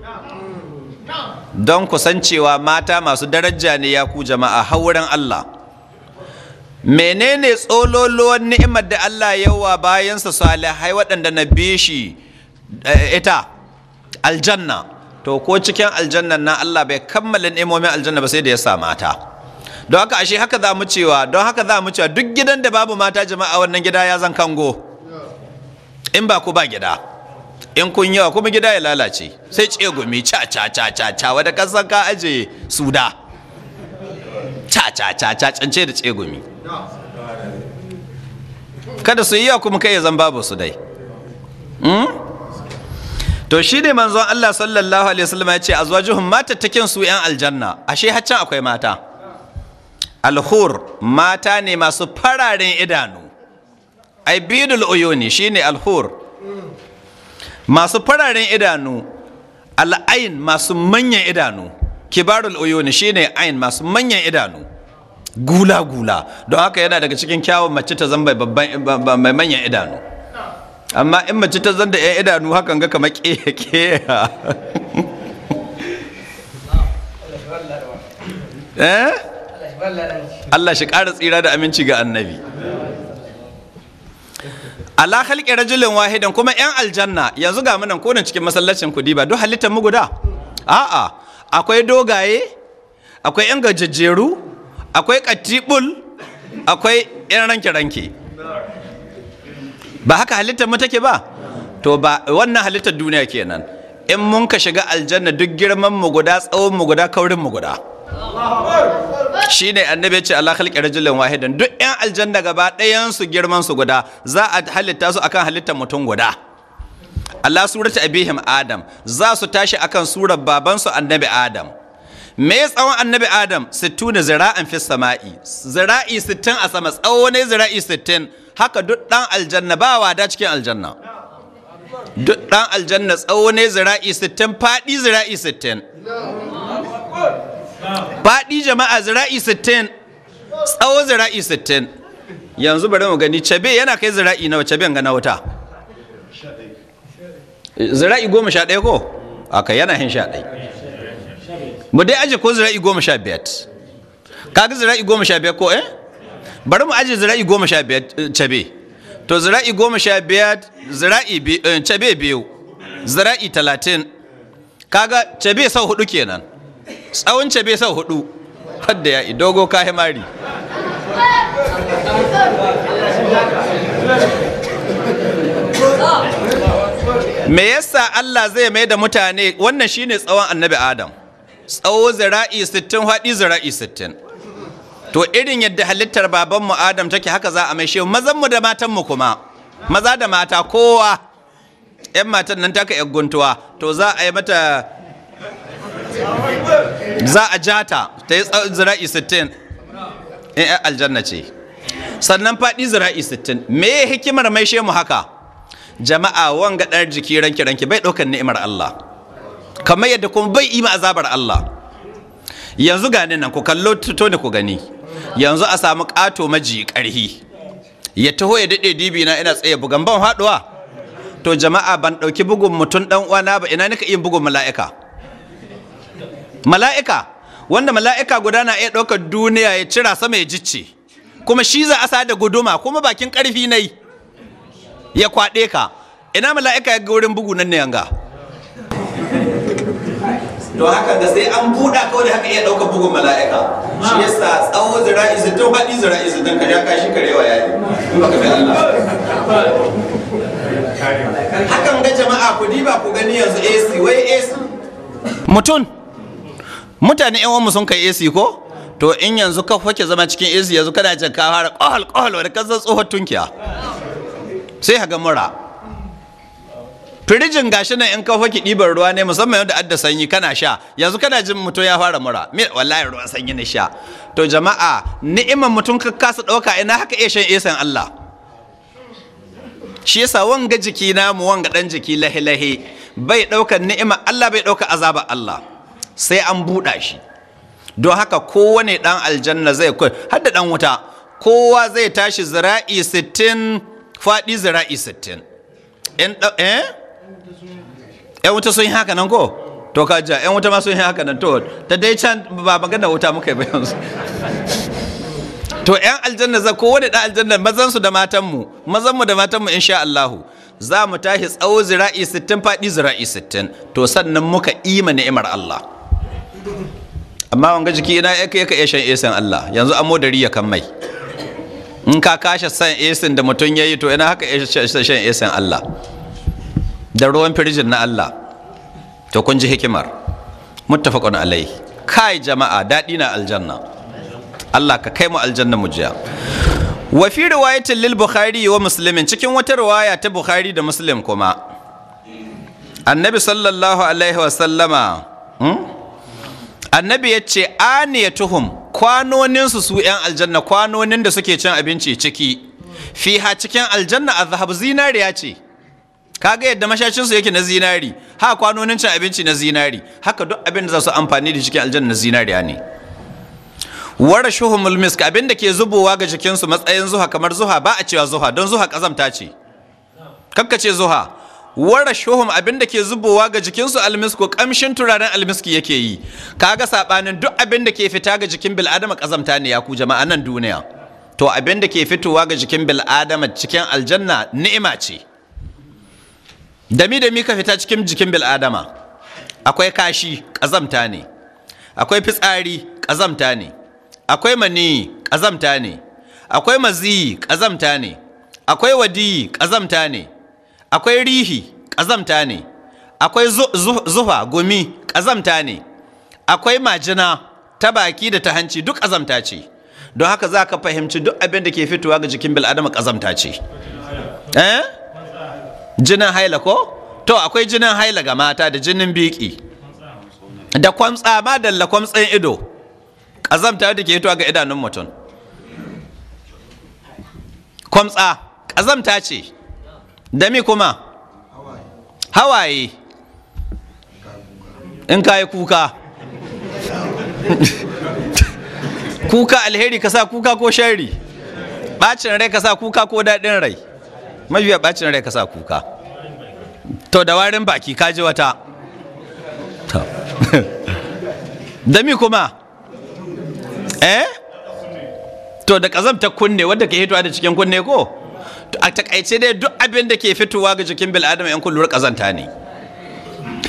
don cewa mata masu daraja ne ya ku jama'a hauren Allah menene tsololuwan ni'imar da Allah yawa bayansa salihai waɗanda na bishi eh, ita aljanna to ko cikin aljannan na Allah bai kammala ni'imomin aljanna ba sai da ya sa mata don haka ashe haka za mu cewa don haka za mu cewa duk gidan da babu mata jama'a wannan gida ya zan kango in ba ku ba gida in kun yawa kuma gida ya lalace sai ce gumi cha cha cha cha cha wadda kasan ka aje suda cha cha cha cha cance da ce gumi kada su yi yawa kuma kai ya zan babu su dai hmm? to shi ne manzon Allah sallallahu alaihi wasallam ya ce azwajuhum matattakin su yan aljanna ashe haccan akwai mata alhur mata ne masu fararen idanu ai bidul uyuni shine alhur masu fararen idanu al'ain masu manyan idanu kibarul uyuni shine ain masu manyan idanu gula gula don haka yana daga cikin kyawun mace ta zan babban mai manyan idanu amma in mace ta zan da yan idanu hakan ga kamar keke eh Allah shi ƙara tsira da aminci ga annabi Allah halƙe rajulin wahidan kuma 'yan aljanna yanzu ga munan kodin cikin masallacin kudi ba duk halittar mu guda a'a akwai dogaye akwai 'yan gajejjeru akwai katibul akwai 'yan ranke-ranke ba haka halittar mu take ba to ba wannan halittar duniya kenan in mun ka shiga aljanna duk girman mu guda tsawon mu guda kaurin mu guda shi ne annabi ce Allah halƙi rajulun wahidan duk 'yan aljanna gaba su girman su guda za a halitta su akan halittar mutum guda Allah surata abihim Adam za su tashi akan surar babansu annabi Adam me tsawon annabi Adam sittuna zira'an fis sama'i zira'i sittin a sama tsawo ne zira'i sittin haka duk ɗan aljanna ba wada cikin aljanna duk ɗan aljanna tsawo ne zira'i sittin faɗi zira'i sittin. faɗi jama'a zira'i 60 tsawo zira'i 60 yanzu bari mu gani cabe yana kai zira'i nawa caben ga wuta. zira'i goma sha ɗaya ko aka yana hin sha ɗaya mu dai aji ko zira'i goma sha biyar kaga zira'i goma sha biyar ko eh bari mu aji zira'i goma sha biyar eh, cabe to zira'i goma sha biyar zira'i eh, cabe biyu zira'i talatin kaga cabe sau hudu kenan tsawon bai sau hudu hadda ya dogo kahe mari me yasa Allah zai mai da mutane wannan shine tsawon annabi Adam tsawo zira'i 60 haɗi zira'i 60 to irin yadda halittar babanmu Adam take haka za a mai shi mazanmu da matanmu kuma maza da mata kowa 'yan matan nan taka 'yan guntuwa to za a yi mata za a jata ta yi zira'i 60 in eh, eh, aljanna ce sannan faɗi zira'i 60 me hikimar mai shemu haka jama'a wanga ɗar jiki ranki ranki bai ɗaukar ni'imar Allah kamar yadda kuma bai ima azabar Allah yanzu gani nan ku kallo tuto ne ku gani yanzu a samu ƙato maji ƙarhi ya taho ya daɗe dibi na ina tsaye bugan ban haɗuwa to jama'a ban ɗauki bugun mutum ɗan uwa na ba ina nika yin bugun mala'ika mala'ika wanda mala'ika guda na iya ɗaukar duniya ya cira sama ya jicce kuma shi za a sa da guduma kuma bakin ƙarfi na yi ya kwaɗe ka ina mala'ika ya ga wurin bugu nan ne yanga to haka da sai an buɗa kawai haka iya ɗaukar bugun mala'ika shi ya sa tsawo zira'i sittin faɗi zira'i sittin ka ja kashi karewa ya yi baka Allah hakan ga jama'a ku diba ku gani yanzu AC wai AC mutum mutane yan uwanmu sun kai AC ko to in yanzu ka fake zama cikin AC yanzu kana jin ka fara kohal kohal wani kasar tsohon tunkiya sai haga mura firijin gashi nan in ka fake ɗiban ruwa ne musamman yadda adda sanyi kana sha yanzu kana jin mutum ya fara mura me wallahi ruwan sanyi ne sha to jama'a ni'imar mutum ka kasa ɗauka ina haka iya shan esan Allah shi yasa wanga jiki namu wanga ɗan jiki lahe-lahe bai ɗaukar ni'imar Allah bai ɗaukar azabar Allah sai an buɗa shi don haka kowane ɗan aljanna zai kai har da ɗan wuta kowa zai tashi zira'i sittin faɗi zira'i sittin ‘yan eh? wuta sun yi haka nan ko to kaja ‘yan wuta ma sun yi haka nan to ta dai can ba magana wuta muka yi yanzu to ‘yan aljanna za kowane ɗan aljanna mazansu da matanmu mazanmu da matanmu insha Allahu za mu tashi tsawo zira'i sittin faɗi zira'i sittin to sannan muka ima ni'imar Allah amma wanga jiki ina yake yake yashan shan Allah yanzu an modari ya kan mai in ka kashe san esan da mutum ya yi to ina haka shan esan Allah da ruwan firijin na Allah to kun ji hikimar muttafaqun alai kai jama'a daɗi na aljanna Allah ka kai mu aljanna mu jiya wa fi riwayatin lil bukhari wa muslim cikin wata riwaya ta bukhari da muslim kuma annabi sallallahu alaihi wa sallama hmm? annabi ya ce tuhum kwanoninsu su 'yan aljanna kwanonin da suke cin abinci ciki fiha cikin aljanna a zahab zinariya ce ka ga yadda mashashinsu yake na zinari ha kwanonin cin abinci na zinari haka duk abin da za su amfani da cikin aljanna na zinariya ne wara shuhu abin da ke zubowa ga jikinsu matsayin zuha kamar zuha ba a cewa zuha don zuha kazamta ce ce zuha wara shohum abin da ke zubowa ga jikinsu almisku kamshin turaren almiski yake yi kaga sabanin duk abin da ke fita ga jikin bil'adama kazamta ne ya ku jama'a nan duniya to abin da ke fitowa ga jikin bil'adama cikin aljanna ni'ima ce dami dami ka fita cikin jikin bil'adama akwai kashi kazamta ne akwai fitsari kazamta ne akwai mani kazamta ne akwai mazi kazamta ne akwai wadi kazamta ne akwai rihi ƙazamta ne akwai zufa gumi ƙazamta ne akwai majina ta baki da ta hanci duk ƙazamta ce don haka za ka fahimci duk abin da ke fitowa ga jikin bil'adama ƙazamta ce eh jinin haila ko to akwai jinin haila ga mata da jinin biki da kwamtsa ma da kwamtsan ido ƙazamta da ke fitowa ga idanun mutum kwamtsa ƙazamta ce da mi kuma hawaye in ka yi kuka kuka alheri ka sa kuka ko shari bacin rai ka sa kuka ko daɗin rai mafiya bacin rai ka sa kuka to da warin baki kaji wata da mi kuma eh to da kazamta kunne wadda ka hito da cikin kunne ko a takaice dai duk abin da ke fitowa ga jikin bil'adama yan kullura kazanta ne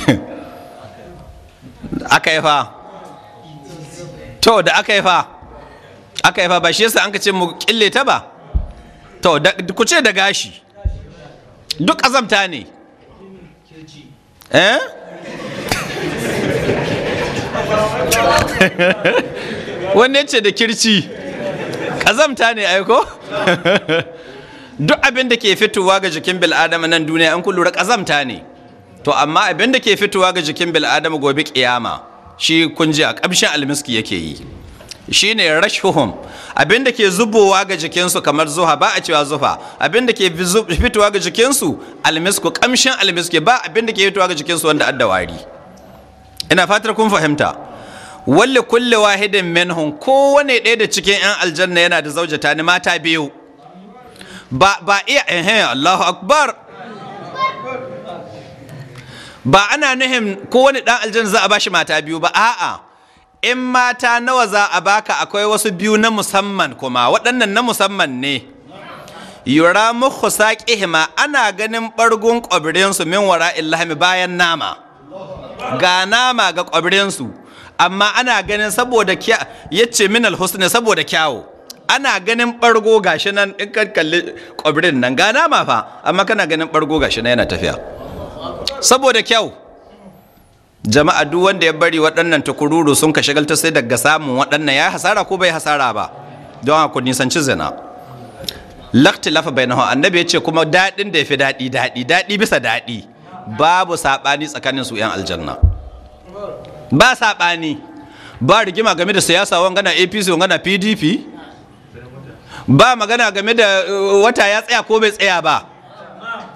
aka yi fa to da aka yi fa aka yi fa ba shi yasa an ka ce mu kille ta ba to ku ce da gashi duk azamta ne eh wanne ce da kirci kazamta ne aiko duk abin da ke fitowa ga jikin bil'adama nan duniya in kun lura ƙazamta ne to amma abin da ke fitowa ga jikin bil'adama gobe ƙiyama shi kun ji a ƙamshin almiski yake yi shi ne rashuhum abin da ke zubowa ga jikinsu kamar zuha ba a cewa zufa abin da ke fitowa ga jikinsu almisku ƙamshin almiski ba abin da ke fitowa ga jikinsu wanda adda wari ina fatar kun fahimta walli kulli wahidin minhum kowane ɗaya da cikin 'yan aljanna yana da zaujata ni mata biyu ba ba iya ehe Allahu akbar ba ana nuhin ko wani dan aljanna za a bashi mata biyu ba a'a in mata nawa za a baka akwai wasu biyu na musamman kuma waɗannan na musamman ne yura muku saƙihima ana ganin ɓargun ƙwabirinsu min wara illahami bayan nama ga nama ga ƙwabirinsu amma ana ganin saboda ya ce min alhusni saboda kyawo ana ganin bargo gashi nan in ka kalli ƙwabirin nan gana ma fa amma kana ganin bargo gashi nan yana tafiya saboda kyau jama'a duk wanda ya bari waɗannan tukururu sun ka shagalta sai daga samun waɗannan ya hasara ko bai hasara ba don haka nisanci zina lafa bai nahu annabi ya ce kuma daɗin da ya fi daɗi daɗi daɗi bisa daɗi babu saɓani tsakanin su 'yan aljanna ba saɓani ba rigima game da siyasa wangana apc wangana pdp ba magana game da uh, wata ya tsaya ko bai tsaya ba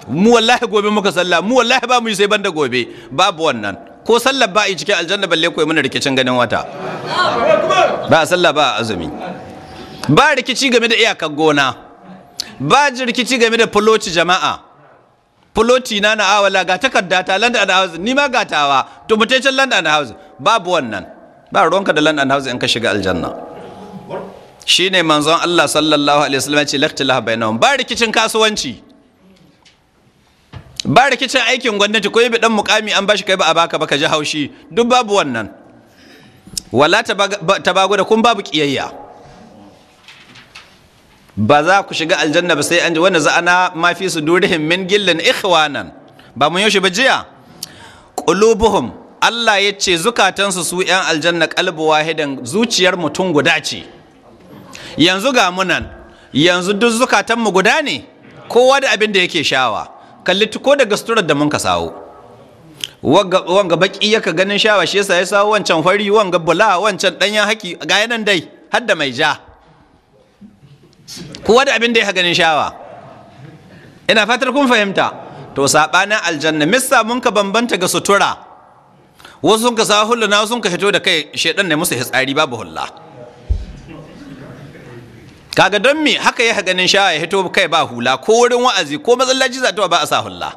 mu wallahi gobe muka sallah mu wallahi ba mu yi sai banda gobe babu wannan ko sallar ba yi cikin aljanna balle koyi mana rikicin ganin wata ba a sallah ba a azumi ba rikici game da iyakar gona ba rikici game da fuloci jama'a fuloci na na awala ga takarda ta london house ni ma gatawa to mutaicin london house babu wannan ba ruwanka da london house in ka shiga aljanna Shi ne manzon Allah sallallahu alaihi wasallam ya ce laktilah bainahum ba rikicin kasuwanci ba rikicin aikin gwamnati ko bi dan mukami an bashi kai ba a baka ba ka ji haushi duk babu wannan wala tabago da kun babu kiyayya ba za ku shiga aljanna ba sai an ji wanda za'ana ma fi durihin min gillin ikhwanan ba mun yaushe ba jiya ƙulubuhum Allah ya ce zukatansu su 'yan aljanna kalbu wahidan zuciyar mutum guda ce yanzu ga munan yanzu duk zukatanmu guda ne kowa da abin da yake shawa kalli ko daga suturar da mun ka sawo wanga baki yaka ganin shawa shi yasa ya sawo wancan fari wanga bula wancan danyen haki ga yanan dai har da mai ja kowa da abin da yake ganin shawa ina fatar kun fahimta to sabanin aljanna missa mun ka bambanta ga sutura wasu sun ka sawo hulluna wasu sun ka hito da kai shedan ne musu hitsari babu hulla kaga don me haka ya ganin sha ya hito kai ba hula ko wurin wa'azi ko matsalaci zatuwa ba a sa hula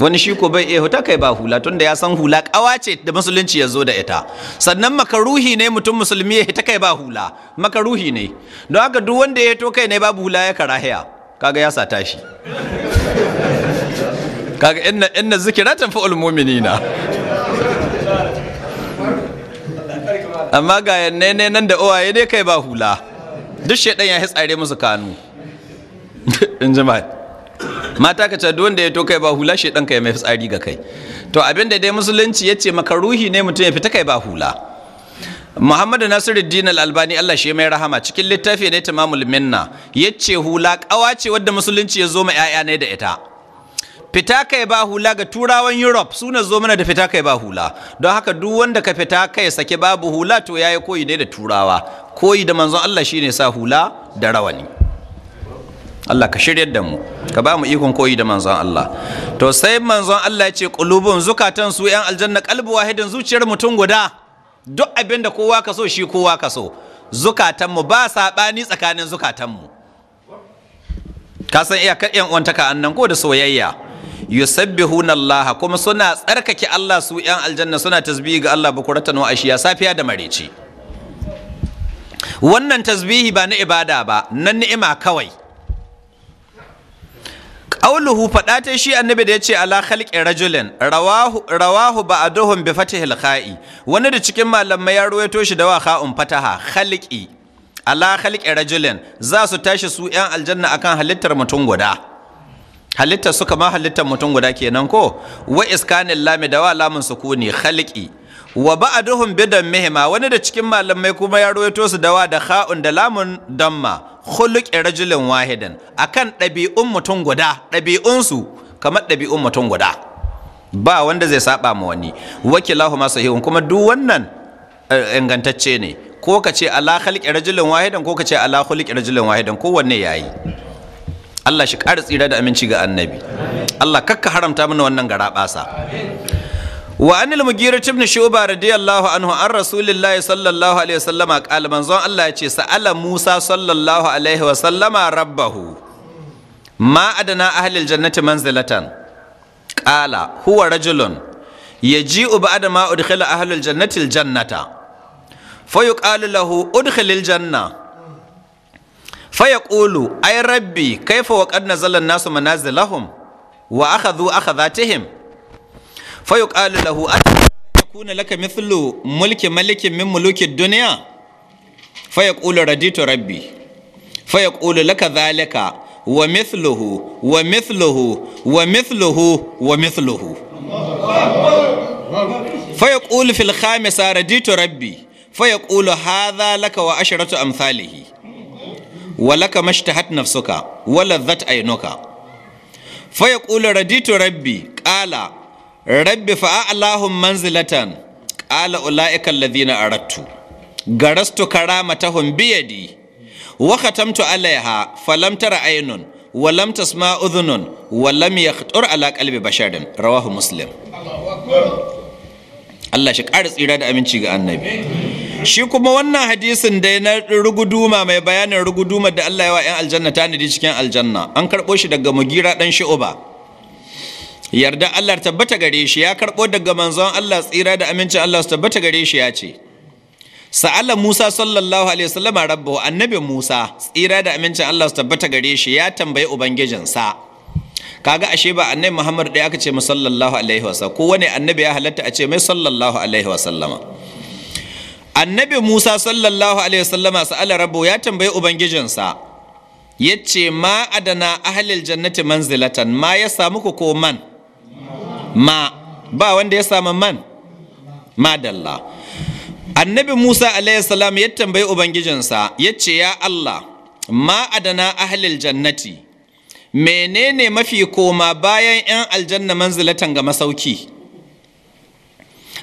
wani shi ko bai hota kai ba hula tunda ya san hula kawa ce da musulunci ya zo da ita sannan makaruhi ne mutum musulmi ya hita kai ba hula makaruhi ne don haka duk wanda ya hito kai ne babu hula ya karahiya kaga ya sata shi kaga inna inna zikra tanfa'ul mu'minina amma ga yanne ne nan da owaye ne kai ba hula duk shaidan ya hitsare musu kanu in jima mata ka duk wanda ya to kai ba hula shaidan kai mai fitsari ga kai to abin da dai musulunci ya ce maka ruhi ne mutum ya fita kai ba hula muhammadu nasiruddin al-albani allah shi mai rahama cikin littafi ne tamamul minna ya hula kawa ce wadda musulunci ya zo ma 'ya'ya ne da ita fita kai ba hula ga turawan europe Su na zo mana da fita kai ba hula don haka duk wanda ka fita kai sake babu hula to yayi koyi ne da turawa koyi da manzon Allah shine sa hula da rawani Allah ka shiryar da mu ka ba mu ikon koyi da manzon Allah to sai manzon Allah ya ce qulubun zukatan su yan aljanna kalbu wahidin zuciyar mutum guda duk abin da kowa ka so shi kowa ka so zukatan mu ba sabani tsakanin zukatan mu ka san iyakar yan uwantaka annan ko da soyayya yusabbihuna Allah kuma suna tsarkake Allah su yan aljanna suna tasbihi ga Allah bukuratan wa ashiya safiya da mareci wannan tasbihi ba na ibada ba na ni'ima kawai qauluhu fada ta shi annabi da yace ala khalqi rajulin rawahu rawahu ba'duhum bi fathil kha'i wani da cikin malamai ya ruwaito shi da wa kha'un fataha khalqi ala khalqi rajulin za su tashi su yan aljanna akan halittar mutum guda Halittar suka ma halittar mutum guda kenan ko wa iskanin lami da wa lamun sukuni khalqi wa ba'duhum bidan mihima wani da cikin malamai kuma ya rawaito su dawa da kha'un da lamun damma khuluqi rajulin wahidan akan ɗabi'un mutum guda ɗabi'un su kamar ɗabi'un mutum guda ba wanda zai saba ma wani wakilahu ma sahihun kuma duk wannan eh, ingantacce ne ko ka ce ala khaliqi rajulin wahidan ko ka ce ala khuluqi rajulin wahidan kowanne yayi Allah shi ƙara tsira da aminci ga annabi Allah kakka haramta mana wannan gara ɓasa wa anil mugira ibn shuba radiyallahu anhu an rasulillahi sallallahu alaihi sallama qala manzon Allah ya ce sa'ala Musa sallallahu alaihi wasallama rabbahu ma adana ahlil jannati manzilatan qala huwa rajulun yaji'u ba'da ma udkhila ahlul jannati aljannata fa yuqalu lahu udkhilil janna فيقولوا أي ربي كيف وقد نزل الناس منازلهم وأخذوا أخذاتهم فيقال له يكون لك مثل ملك ملك من ملوك الدنيا فيقول رديت ربي فيقول لك ذلك ومثله ومثله ومثله ومثله فيقول في الخامسة رديت ربي فيقول هذا لك وأشرة أمثاله walaka mashtahat nafsuka waladzat ainuka fa yaqulu raditu rabbi qala rabbi fa a'lahum manzilatan qala ulaika alladhina aradtu garastu karamatahum biyadi wa khatamtu alaiha falam tara ainun wa lam tasma udhunun walam lam ala qalbi basharin rawahu muslim Allah shi ƙara tsira da aminci ga annabi shi kuma wannan hadisin dai na ruguduma mai bayanin ruguduma da Allah yawa ‘yan aljanna tanadi cikin aljanna an karɓo shi daga mugira ɗan shi'uba yarda Allah tabbata gare shi ya karɓo daga manzon Allah tsira da amincin Allah su tabbata gare shi ya ce sa'ala Musa sallallahu alaihi wasallama rabbahu annabi Musa tsira da amincin Allah su tabbata gare shi ya tambayi ubangijinsa kaga ashe ba annabi Muhammad dai aka ce mu sallallahu alaihi wasallam ko wani annabi ya halatta a ce mai sallallahu alaihi wasallama annabi musa sallallahu alaihi wasallama sa'ala rabu ya tambayi ubangijinsa ya ce ma adana ahalil jannati manzilatan ma ya samu ku ko man ma ba wanda ya samu man Ma dalla annabi musa alaihi salam ya tambayi ubangijinsa ya ce ya allah ma adana ahalil jannati menene mafi koma bayan 'yan aljanna manzilatan ga masauki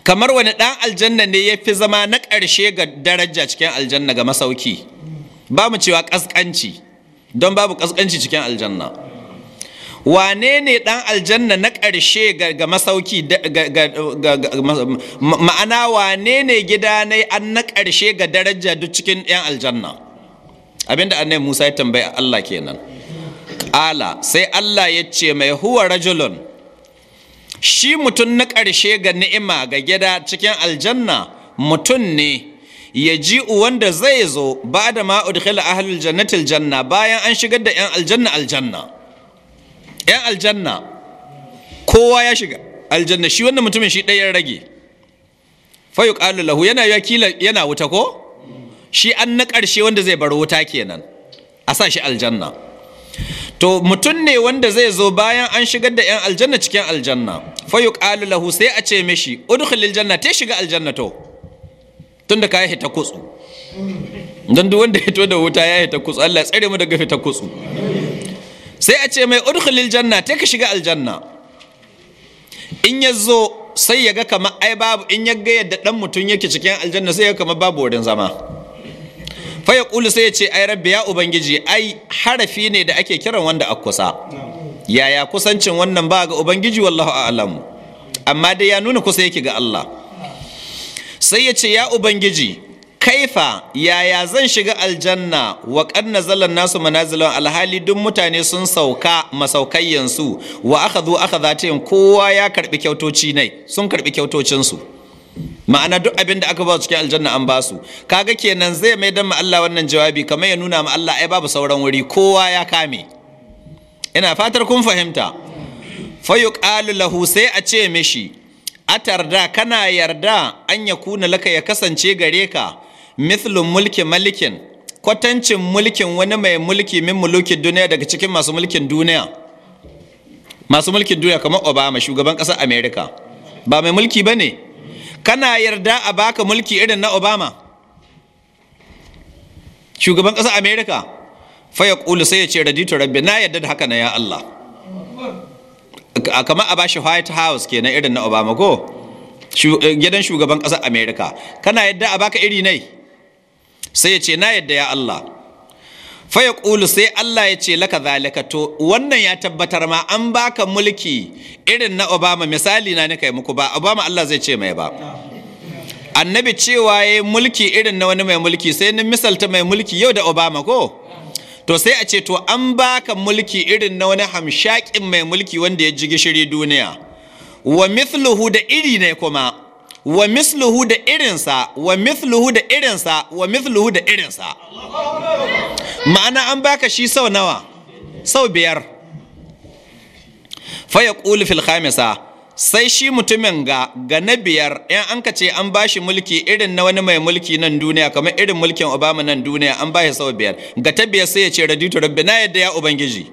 kamar wani ɗan aljanna ne ya fi zama na ƙarshe ga daraja cikin aljanna ga masauki ba mu cewa ƙasƙanci don babu ƙasƙanci cikin aljanna wane ne ɗan aljanna na ƙarshe ga masauki ma'ana wane ne gida na an na ƙarshe ga daraja duk cikin 'yan aljanna abinda annai musa ya tambaya allah kenan ala sai allah ya ce mai huwa rajulun shi mutum na ƙarshe ga ni'ima ga gida cikin aljanna mutum ne ya ji wanda zai zo ba da ma udkhila ahlul jannati aljanna bayan an shigar da 'yan aljanna aljanna 'yan aljanna kowa ya shiga aljanna shi wannan mutumin shi ɗayan rage fa alulahu yana ya yana wuta ko shi an na ƙarshe wanda zai bar wuta kenan a sa shi aljanna to mutum ne wanda zai zo bayan an shigar da 'yan aljanna cikin aljanna ƙalu lahu sai a ce mishi udkhilil janna ta shiga aljanna to tunda ka hita kutsu dan duk wanda ya to da wuta ya hita kutsu Allah tsare mu daga fita kutsu sai a ce mai udkhilil janna ta ka shiga aljanna in ya zo sai ya ga kamar ai babu in ya ga yadda dan mutun yake cikin aljanna sai ya kamar babu wurin zama fa ya sai ya ce ai rabbi ya ubangiji ai harafi ne da ake kiran wanda a kusa yaya kusancin wannan ba ga ubangiji wallahu a'lamu amma dai ya nuna kusa yake ga Allah sai ya ce ya ubangiji kaifa yaya zan shiga aljanna wa kanna zallan nasu manazilan alhali duk mutane sun sauka su wa aka zo aka zatayin kowa ya karbi kyautoci ne sun karbi su. ma'ana duk abin da aka ba cikin aljanna an ba su kaga kenan zai mai dan ma Allah wannan jawabi kamar ya nuna ma Allah ai babu sauran wuri kowa ya kame ina fatar kun fahimta fayuqalu lahu sai a ce mishi tarda kana yarda an ya kuna laka ya kasance gare ka mithlin mulki malikin kwatancin mulkin wani mai mulki min mulukin duniya daga cikin masu mulkin duniya masu mulkin duniya kamar obama shugaban ƙasar amerika ba mai mulki ba ne kana yarda a baka mulki irin na obama shugaban ƙasar Amerika? Faya ƙulu sai ya ce raditu rabbi na yadda da haka na ya Allah kamar a bashi white house kenan irin na obama ko gidan shugaban ƙasar america kana yadda a baka iri nai? sai ya ce na yadda ya Allah Faya ƙulu sai Allah ya ce laka zalika to wannan ya tabbatar ma an baka mulki irin na obama misali na nika yi muku ba obama Allah zai ce mai ba annabi cewa ya mulki irin na wani mai mulki sai ni misalta mai mulki yau da obama ko to sai a ce to an baka mulki irin na wani hamshakin mai mulki wanda ya ji gishiri duniya wa mithluhu da iri ne kuma wa mithluhu da irinsa wa mithluhu da irinsa wa mithluhu da irinsa ma'ana an baka shi sau nawa sau biyar fa yaqulu fil khamisa sai shi mutumin ga ga na biyar yan an ka ce an ba shi mulki irin na wani mai mulki nan duniya kamar irin mulkin obama nan duniya an ba shi sau biyar ga ta biyar sai ya ce raditu rabbi na yadda ya ubangiji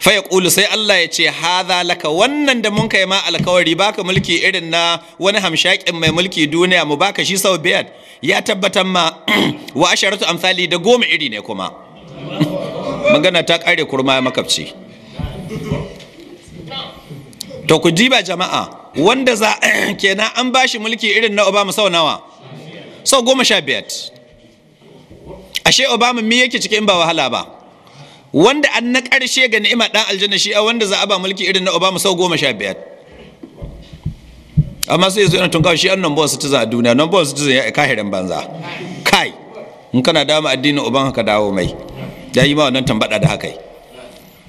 fa ya ƙulu sai allah ya ce haza laka wannan da mun kai ma alkawari baka mulki irin na wani hamshakin mai mulki duniya mu baka shi sau biyar ya tabbatar ma wa asharatu amsali da goma iri ne kuma magana ta ƙare kurma ya makabci to ku ba jama'a wanda za kenan an bashi mulki irin na obama sau nawa sau goma sha biyar ashe obama mi yake cikin ba wahala ba wanda an na ƙarshe ga ni'ima ɗan aljanna shi a wanda za a ba mulki irin na obama sau goma sha biyar amma sai yanzu yana tunkawa shi an number citizen a duniya number citizen ya kahirin banza kai in kana dama addinin uban haka dawo mai ya yi ma wannan tambada da haka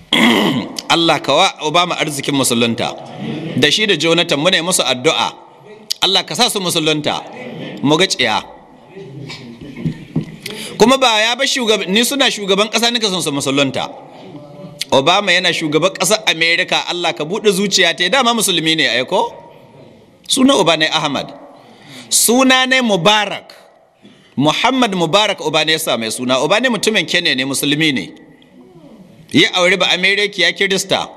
Allah kawa Obama arzikin musulunta da shi da Jonathan muna musu addu'a Allah ka sa su musulunta mu ga tsiya kuma ba ya ba shugabanni suna shugaban ƙasa nika son su musulunta Obama yana shugaban ƙasar America Allah ka buɗe zuciya ta dama musulmi ne aiko suna Obama Ahmad suna ne Mubarak Muhammad Mubarak Obama ya sa mai suna Obama mutumin Kenya ne musulmi ne Yi aure ba amerika ya kirista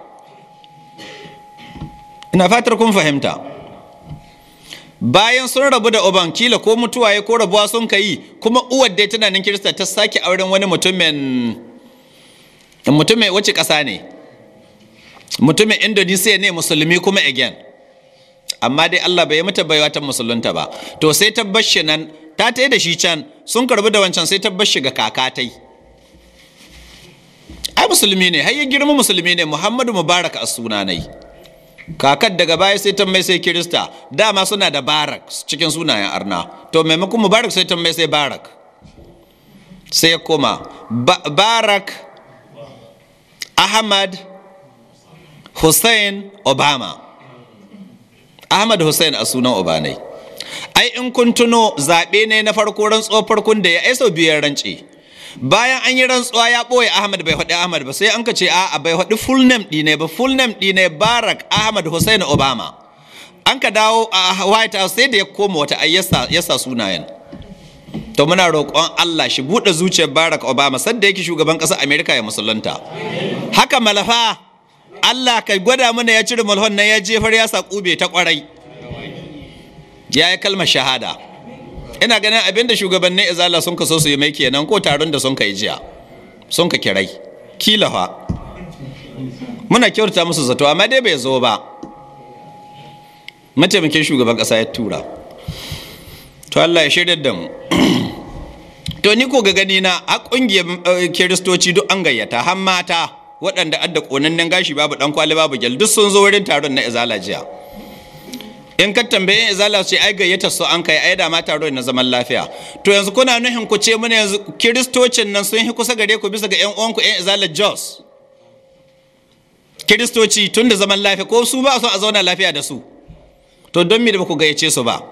ina fatar kun fahimta bayan sun rabu da uban kila ko mutuwa ya ko rabuwa sun kai kuma uwar tana tunanin kirista ta sake auren wani mutumin mutumin wace ƙasa ne mutumin indonesia ne musulmi kuma again amma dai allah bai mata baiwa ta musulunta ba to sai ta nan ta tai da shi can sun karbi da wancan sai ta bashi ga kakatai ai musulmi ne har ya girma musulmi ne muhammadu mubarak a sunanai kakar daga baya sai ta mai sai kirista dama suna da barak cikin sunayen arna to maimakon mubarak sai ta mai sai barak sai ya koma barak ahmad hussein obama ahmad hussein a sunan obanai ai in kun tuno zaɓe ne na farko tsofar kun da ya aiso biyar rance bayan an yi rantsuwa ya ɓoye ahmad bai haɗi ahmad ba sai an ka ce a bai haɗi full name ne ba full name ne barak ahmad hussein obama an ka dawo a white house sai da ya koma wata ayyasa yasa sunayen to muna roƙon allah shi buɗe zuciyar barak obama sadda yake shugaban ƙasar amerika ya musulunta haka malafa allah ka gwada mana ya cire malhon nan ya jefar ya sa ƙube ta ƙwarai ya yi kalmar shahada ina ganin abinda shugabannin izala sun ka so su yi mai kenan ko taron da sun ka yi jiya sun ka kirai kila fa muna kyauta musu zato amma dai bai zo ba mataimakin shugaban kasa ya tura to Allah ya shirya da mu to ni ko ga gani na a kungiyar eh, kiristoci duk an gayyata har mata waɗanda adda konannen gashi babu ɗan kwali babu gyal duk sun zo wurin taron na izala jiya in ka tambaye izala ce ai gayyata su an kai ai da ma taro na zaman lafiya to yanzu kuna nuhin ku ce muna yanzu kiristocin nan sun yi kusa gare ku bisa ga yan uwanku yan izala jos kiristoci tun da zaman lafiya ko su ba su a zauna lafiya da su to don me da ba ku gayyace su ba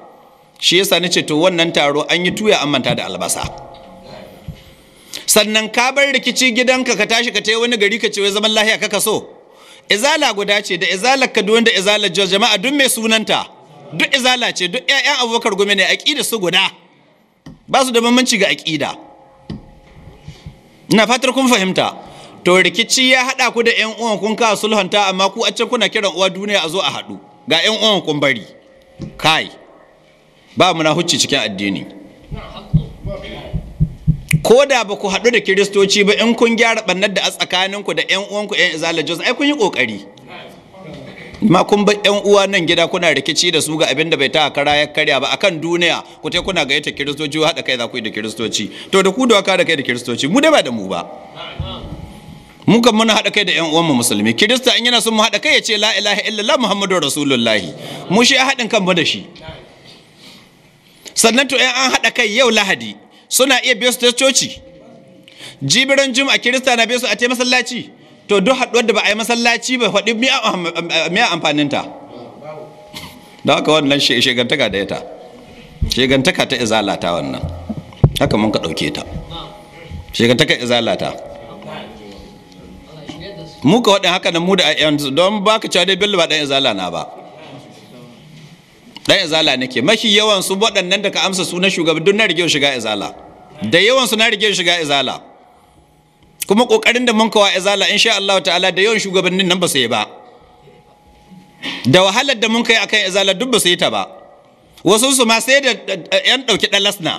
shi yasa ce to wannan taro an yi tuya an manta da albasa sannan ka bar rikici gidanka ka tashi ka tai wani gari ka ce wai zaman lafiya kaka so izala guda ce da izalar kaduna da izalar jos jama'a duk mai sunanta duk izala ce duk 'ya'yan abubakar gome ne aƙida su guda ba su da bambanci ga aƙida ina fatar kun fahimta to rikici ya haɗa ku da 'yan uwan kun kawo sulhanta amma ku a can kuna kiran uwa duniya a zo a haɗu ga 'yan uwan kun bari kai ba mu na hucci cikin addini ko da ba ku haɗu da kiristoci ba in kun gyara ɓannar da a tsakaninku da 'yan uwanku 'yan izala jos ai kun yi ƙoƙari ma kun ba 'yan uwa nan gida kuna rikici da su ga abin da bai ta kara ya karya ba akan duniya ku tai kuna gayyata kiristoci ku haɗa kai za ku yi da kiristoci to da ku da waka da kai da kiristoci mu dai ba da mu ba mu kan muna haɗa kai da 'yan uwanmu musulmi kirista in yana son mu haɗa kai ya ce la ilaha illallah muhammadu rasulullahi mu shi a haɗin kan ba da shi sannan to 'yan an haɗa kai yau lahadi suna iya biyo su ta coci jibiran juma kirista na biyo su a ce masallaci to duk haɗuwar da ba a yi masallaci ba faɗi miya amfaninta da haka wannan shegantaka da ta shegantaka ta izalata wannan haka mun ka ɗauke ta shegantaka izalata. Muka waɗin haka na mu da yanzu don ba ka cewa dai bello ba ɗan izala na ba dan izala nake mafi yawan su waɗannan da ka amsa su na shugaban duk na rige shiga izala da yawan su na rige shiga izala kuma kokarin da mun kawa izala insha Allah ta'ala da yawan shugabannin nan ba su yi ba da wahalar da mun kai akan izala duk ba su yi ta ba wasu su ma sai da yan dauki dalasna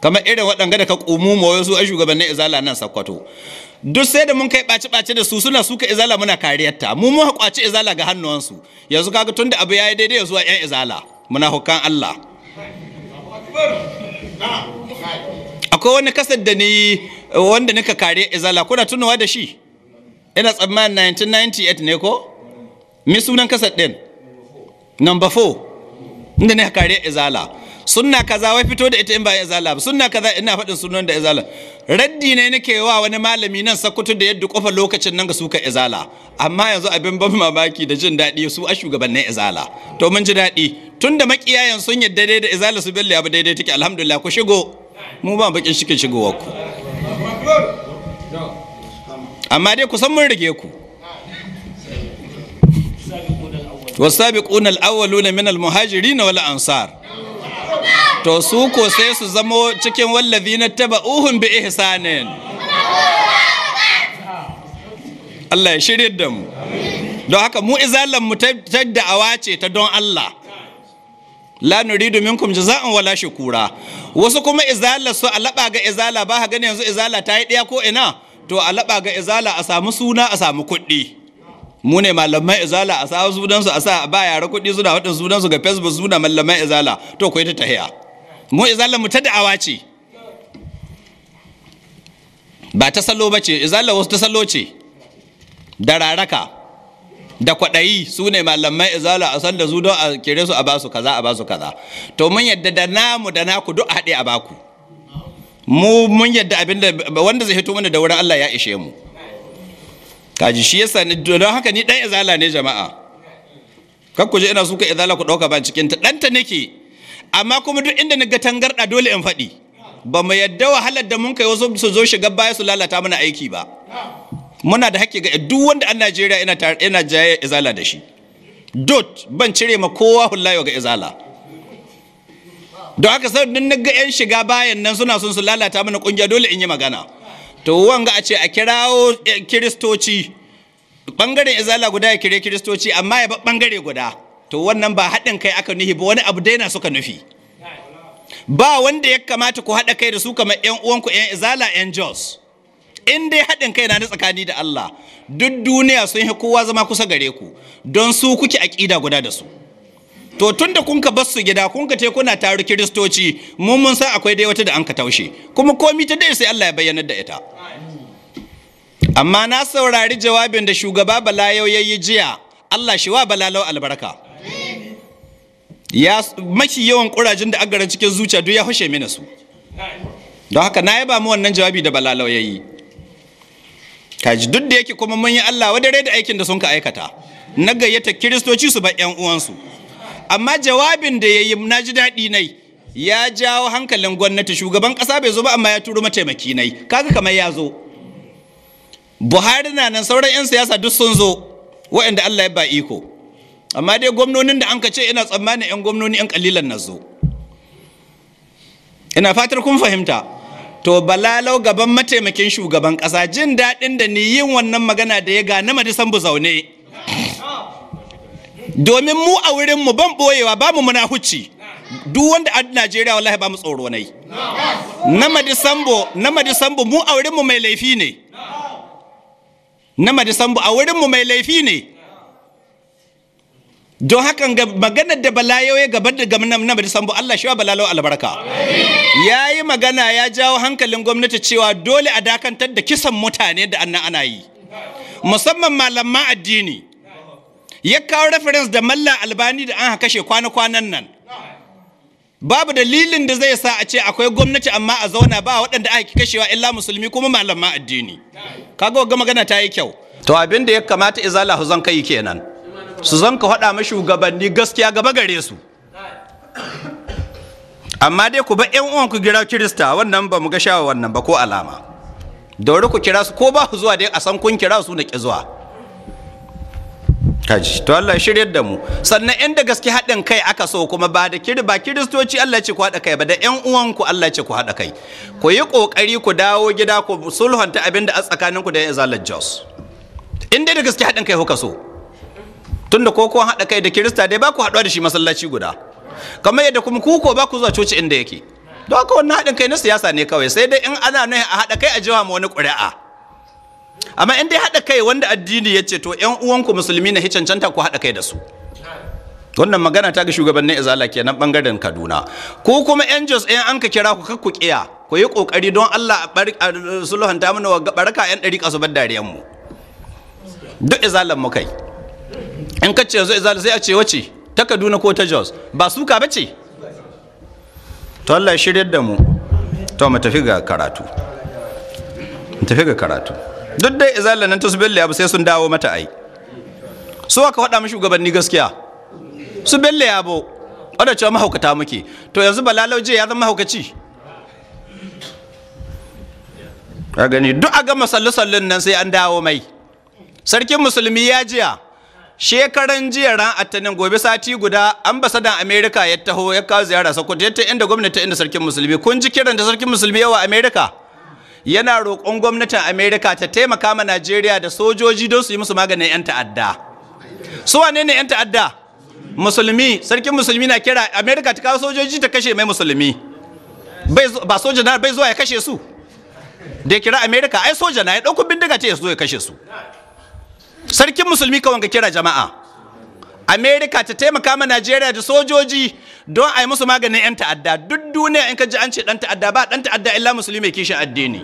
kamar irin waɗanga da ka kumu ma wasu a shugabannin izala nan sakkwato duk sai da mun kai ɓaci ɓaci da su suna suka izala muna kariyarta mu mu kwaci izala ga hannuwansu yanzu kaga tun da abu yayi daidai zuwa yan izala muna hukan Allah akwai wani kasar da ni wanda nika kare izala kuna tunawa da shi ina tsammanin 1998 ne ko mi sunan kasar din number 4 inda ka kare izala sunna kaza wai fito da ita in ba izala ba sunna kaza ina faɗin sunan da izala raddi ne nake wa wani malami nan sakutu da yadda kofa lokacin nan ga suka izala amma yanzu abin ban mamaki da jin daɗi su a shugabannin izala to mun ji daɗi tunda makiyayan sun yadda dai da izala su belle abu daidai take alhamdulillah ku shigo mu ba bakin shike shigowar ku amma dai ku san mun rige ku والسابقون الأولون من المهاجرين والأنصار to su ko sai su zamo cikin wallazi na taba uhun bi ihsanin Allah ya shirya da mu don haka mu izalan mu ta da'awa ce ta don Allah la nuridu minkum jaza'an wala shukura wasu kuma izala su alaba ga izala ba ha gani yanzu izala ta yi ɗaya ko ina to alaba ga izala a samu suna a samu kuɗi mu ne malamai izala a sa su a sa ba yara kuɗi suna waɗin su ga facebook suna malamai izala to ku yi ta tahiya mu izala mu ta da'awa ce ba ta salo ba ce izala wasu ta salo ce da raraka da kwaɗayi su ne malamai izala a san da su don a kere su a basu kaza a basu kaza to mun yadda da namu da naku duk haɗe a baku mu mun yadda abinda wanda zai hito mana da wurin Allah ya ishe mu kaji shi yasa don haka ni dan izala ne jama'a kar ku je ina suka izala ku dauka ban cikin ta danta nake amma kuma duk inda naga tangarda dole in faɗi ba mu yadda wahalar da mun kai wasu su zo shiga baya su lalata mana aiki ba muna da hakki ga duk wanda an Najeriya ina ina jaye izala da shi dot ban cire ma kowa hullayo ga izala don haka sai naga yan shiga bayan nan suna son su lalata mana kungiya dole in yi magana to wanga a ce a kirawo eh, kiristoci bangaren izala guda ya kire kiristoci amma ya bangare guda to wannan ba haɗin kai aka nufi ba wani abu daina suka nufi ba wanda ya kamata ku haɗa kai da su kamar yan uwanku yan izala yan jos in dai haɗin kai na tsakani da Allah duk duniya sun yi kowa zama kusa gare ku don su kuke aƙida guda da su to tun da kun ka bar su gida kun ka ce kuna taru kiristoci mun mun san akwai dai wata da an ka taushe kuma komi ta dai sai Allah ya bayyanar da ita amma na saurari jawabin da shugaba bala yau yayi jiya Allah shi wa balalau albarka ya maki yawan kurajin da agaran cikin zuciya duk ya hushe mini su don haka na yaba mu wannan jawabi da balalau yayi kaji duk da yake kuma mun yi Allah wadare da aikin da sun ka aikata na gayyata kiristoci su ba 'yan uwansu amma jawabin da ya yi na ji daɗi nai ya jawo hankalin gwamnati shugaban ƙasa bai zo ba amma ya turo mataimaki nai kaga kamar ya zo buhari na nan sauran 'yan siyasa duk sun zo wa'anda allah ya ba iko amma dai gwamnonin da an ka ce ina tsammanin 'yan gwamnoni 'yan kalilan na zo ina fatar kun fahimta to balalau gaban mataimakin shugaban ƙasa jin daɗin da ni yin wannan magana da ya gane madisan bu zaune domin mu a wurin mu ban boyewa ba mu huci duk wanda a Najeriya wallahi ba mu tsoro nai na madisambo na madisambo mu a wurin mu mai laifi ne na madisambo a wurin mu mai laifi ne don hakan magana maganar da balayoyi ya gabar da gamnan na sambo Allah shi wa balalo albarka ya yi magana ya jawo hankalin gwamnati cewa dole a dakantar da kisan mutane da annan ana yi musamman malaman addini ya kawo reference da malla albani da an kashe kwana-kwanan nan babu dalilin da zai sa a ce akwai gwamnati amma a zauna ba waɗanda aka kashewa illa musulmi kuma malamma addini kaga ga magana ta yi kyau to abin da ya kamata izala zan kai kenan su zan ka faɗa mashi shugabanni gaskiya gaba gare su amma dai ku ba yan uwan ku gira kirista wannan ba mu ga shawa wannan ba ko alama dore ku kira su ko ba zuwa dai a san kun kira su na ki zuwa kaji to Allah shiryar da mu sannan inda gaske haɗin kai aka so kuma ba da kiri kiristoci Allah ce ku haɗa kai ba da ƴan uwanku Allah ce ku haɗa kai ku yi ƙoƙari ku dawo gida ku sulhunta abin da a tsakaninku da ya zalar Jos inda da gaske haɗin kai kuka so tunda ko haɗa kai da kirista dai ba ku haɗuwa da shi masallaci guda kamar yadda kuma ku ko ba ku zuwa coci inda yake don haka wannan haɗin kai na siyasa ne kawai sai dai in ana ne a haɗa kai a jiwa ma wani ƙuri'a amma in dai haɗa kai wanda addini ya ce to yan uwanku musulmi na hicancanta ku haɗa kai da su wannan magana ta ga shugabannin izala kenan bangaren kaduna ko kuma yan jos ɗayan an ka kira ku ku kiya ku yi ƙoƙari don allah a sulhanta mana wa baraka yan ɗari kasu bar dariyan mu duk izalan mu kai in ka ce yanzu izala sai a ce wace ta kaduna ko ta jos ba suka ba ce to allah shirya da mu to mu tafi ga karatu mu tafi ga karatu duk dai izalla nan ta su belle abu sai sun dawo mata ai su aka faɗa mu shugabanni gaskiya su belle abu wadda cewa mahaukata muke to yanzu balalauje ya zama mahaukaci a gani duk a gama sallu-sallun nan sai an dawo mai sarkin musulmi ya jiya shekaran jiya ran attanin gobe sati guda ambasadan amerika ya taho ya kawo ziyara sokoto ya ta inda gwamnati inda sarkin musulmi kun ji kiran da sarkin musulmi yawa amerika yana roƙon gwamnatin amerika ta taimaka ma najeriya da sojoji don su yi musu maganin 'yan ta'adda su wane ne 'yan ta'adda musulmi sarkin musulmi na kira amerika ta kawo sojoji ta kashe mai musulmi ba soja na bai zuwa ya kashe su da ya kira amerika ai soja na ya ɗauko bindiga ta ya zo ya kashe su sarkin musulmi kawai ga kira jama'a amerika ta taimaka ma najeriya da sojoji don a yi musu maganin 'yan ta'adda duk duniya in ka ji an ce ɗan ta'adda ba ɗan ta'adda illa musulmi mai kishin addini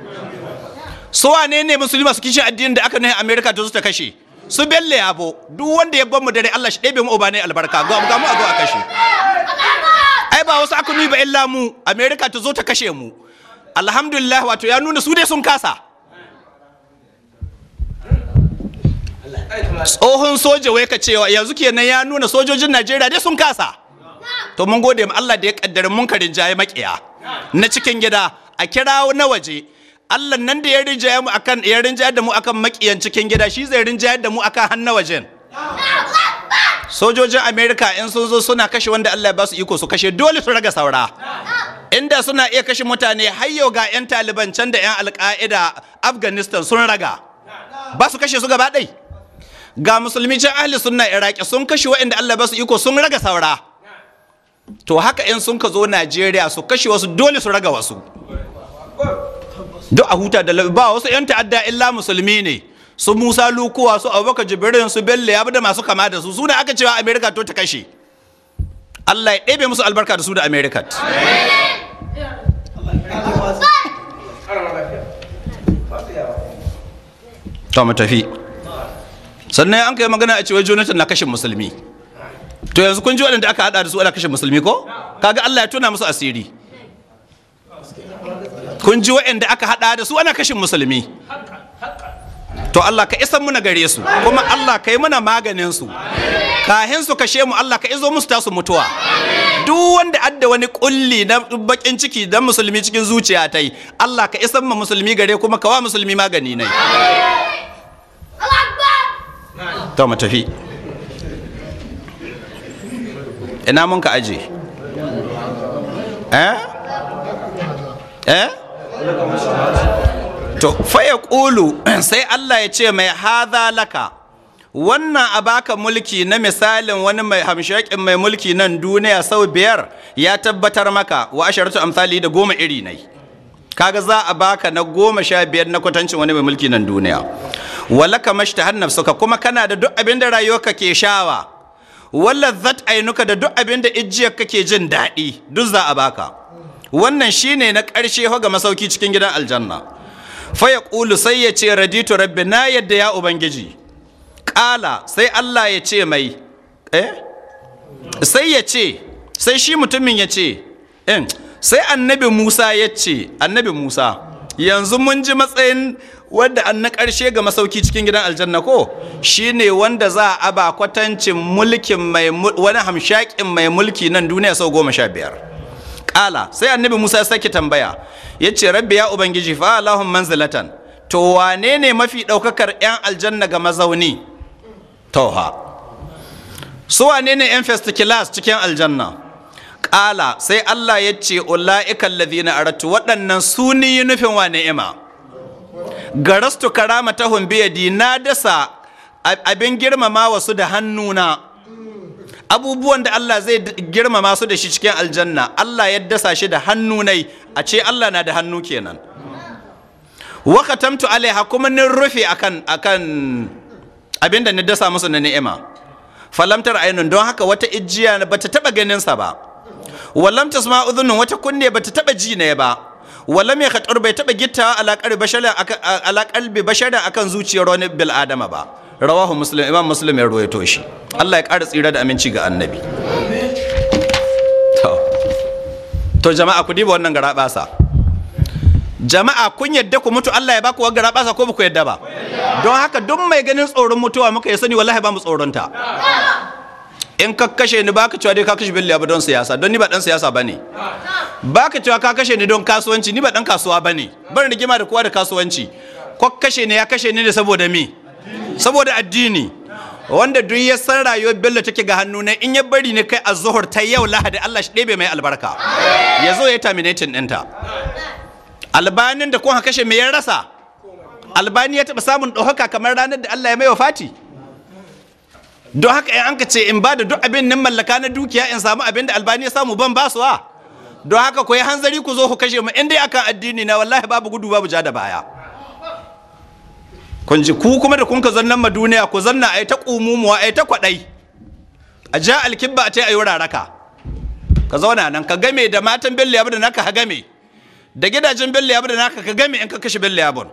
su wane ne musulmi masu kishin addini da aka nuna amerika ta zo ta kashe su belle bo duk wanda ya mu dare allah shi ɗebe mu ne albarka ga mu ga mu a zo a kashe ai ba wasu aka nuna ba illa mu amerika ta zo ta kashe mu alhamdulillah wato ya nuna su dai sun kasa tsohon soja wai ka cewa yanzu ke nan ya nuna sojojin najeriya dai sun kasa to mun gode ma allah da ya kaddara mun ka rinjaye makiya na cikin gida a kira na waje allah nan da ya rinjaye mu akan ya rinjaye da mu akan makiyan cikin gida shi zai rinjaye da mu akan na wajen sojojin america in sun zo suna kashe wanda allah ya ba su iko su kashe dole su raga saura inda suna iya kashe mutane har yau ga 'yan taliban can da 'yan alka'ida afghanistan sun raga ba su kashe su gaba ɗaya. ga musulmi can ahli sunna iraki sun kashe inda Allah ba su iko sun raga saura to haka in sun ka zo Najeriya su kashe wasu dole su raga wasu duk a huta da ba wasu yan ta'adda illa musulmi ne su Musa Lukuwa su Abubakar jibirin su Bello ya da masu kama da su suna aka cewa America to ta kashe Allah ya ɗebe musu albarka da su da America to tafi sannan an kai magana a cewa jonathan na kashin musulmi to yanzu kun ji waɗanda aka haɗa da su ana kashin musulmi ko kaga allah ya tona musu asiri kun ji waɗanda aka haɗa da su ana kashin musulmi to allah ka isan muna gare su kuma allah ka yi muna maganin su kahin su kashe mu allah ka izo musu tasu mutuwa duk wanda adda wani kulli na bakin ciki dan musulmi cikin zuciya ta yi allah ka isan ma musulmi gare kuma kawa musulmi magani ne to mu tafi ina mun ka aje eh eh to fa ya ƙulu sai Allah ya ce mai haza laka wannan a baka mulki na misalin wani mai hamshakin mai mulki nan duniya sau biyar ya tabbatar maka wa asharatu amsali da goma iri nai kaga za a baka na goma sha biyar na kwatancin wani mai mulki nan duniya Wala walaka mashtahan suka kuma kana da duk abin da rayuwarka ke shawa zat ainuka da duk abin da ka ke jin daɗi duk za a baka wannan shine na karshe hoga masauki cikin gidan aljanna fa yaqulu sai ya ce raditu rabbi na yadda ya ubangiji ƙala sai Allah ya ce mai eh? sai ya ce sai shi mutumin ya ce eh? sai annabi Musa ya ce annabi Musa yanzu mun ji matsayin wanda an na ƙarshe ga masauki cikin gidan aljanna ko shine wanda za a ba kwatancin mulkin mai wani hamshakin mai mulki nan duniya sau goma sha biyar ƙala sai annabi musa ya sake tambaya ya ce rabbi ya ubangiji fa allahun manzilatan to wane ne mafi ɗaukakar 'yan aljanna ga mazauni tauha su wane ne 'yan first class cikin aljanna ƙala sai allah ya ce ula'ikan ladina aratu waɗannan su ni nufin wa ni'ima garastu karama ta humbiyadi na dasa abin girmama wasu da hannuna abubuwan da Allah zai girmama su da shi cikin aljanna Allah ya dasa shi da hannunai. a ce Allah na da hannu kenan waka tamtu alaiha kuma nin rufe akan akan abinda ni dasa musu na ni'ima falamtar ainun don haka wata ijiya bata taba ganin sa ba wallam tasma wata kunne bata taba ji ne ba wala mai khatar bai taba gitta alaƙar bashara bi bashara akan zuciyar wani bil adama ba rawahu muslim imam muslim ya ruwaito shi Allah ya ƙara tsira da aminci ga annabi to jama'a ku diba wannan gara jama'a kun yadda ku mutu Allah ya baku wagara basa ko ba ku yadda ba don haka duk mai ganin tsoron mutuwa muka yi sani wallahi ba mu tsoron ta in ka kashe ni baka cewa dai ka kashe bello don siyasa don ni ba dan siyasa bane baka cewa ka kashe ni don kasuwanci ni ba dan kasuwa bane bar rigima da kowa da kasuwanci ko kashe ne ya kashe ni ne saboda me saboda addini wanda duk ya san rayuwar bello take ga hannu ne in ya bari ne kai a zuhur ta yau lahadi Allah shi ɗebe mai albarka ya zo ya terminating ɗinta albanin da kun kashe me ya rasa albani ya taɓa samun ɗaukaka kamar ranar da Allah ya mai wa fati don haka in an ka ce in ba da duk abin nan mallaka na dukiya in samu abin da albani ya samu ban basuwa don haka ku yi hanzari ku zo ku kashe mu in dai akan addini na wallahi babu gudu babu ja da baya kun ji ku kuma da kun ka zannan ma duniya ku zanna ai ta kumumuwa ai ta kwadai a ja alkibba ta ayi wuraraka ka zauna nan ka game da matan billiyabu da naka ha game da gidajen billiyabu da naka ka game in ka kashe billiyabun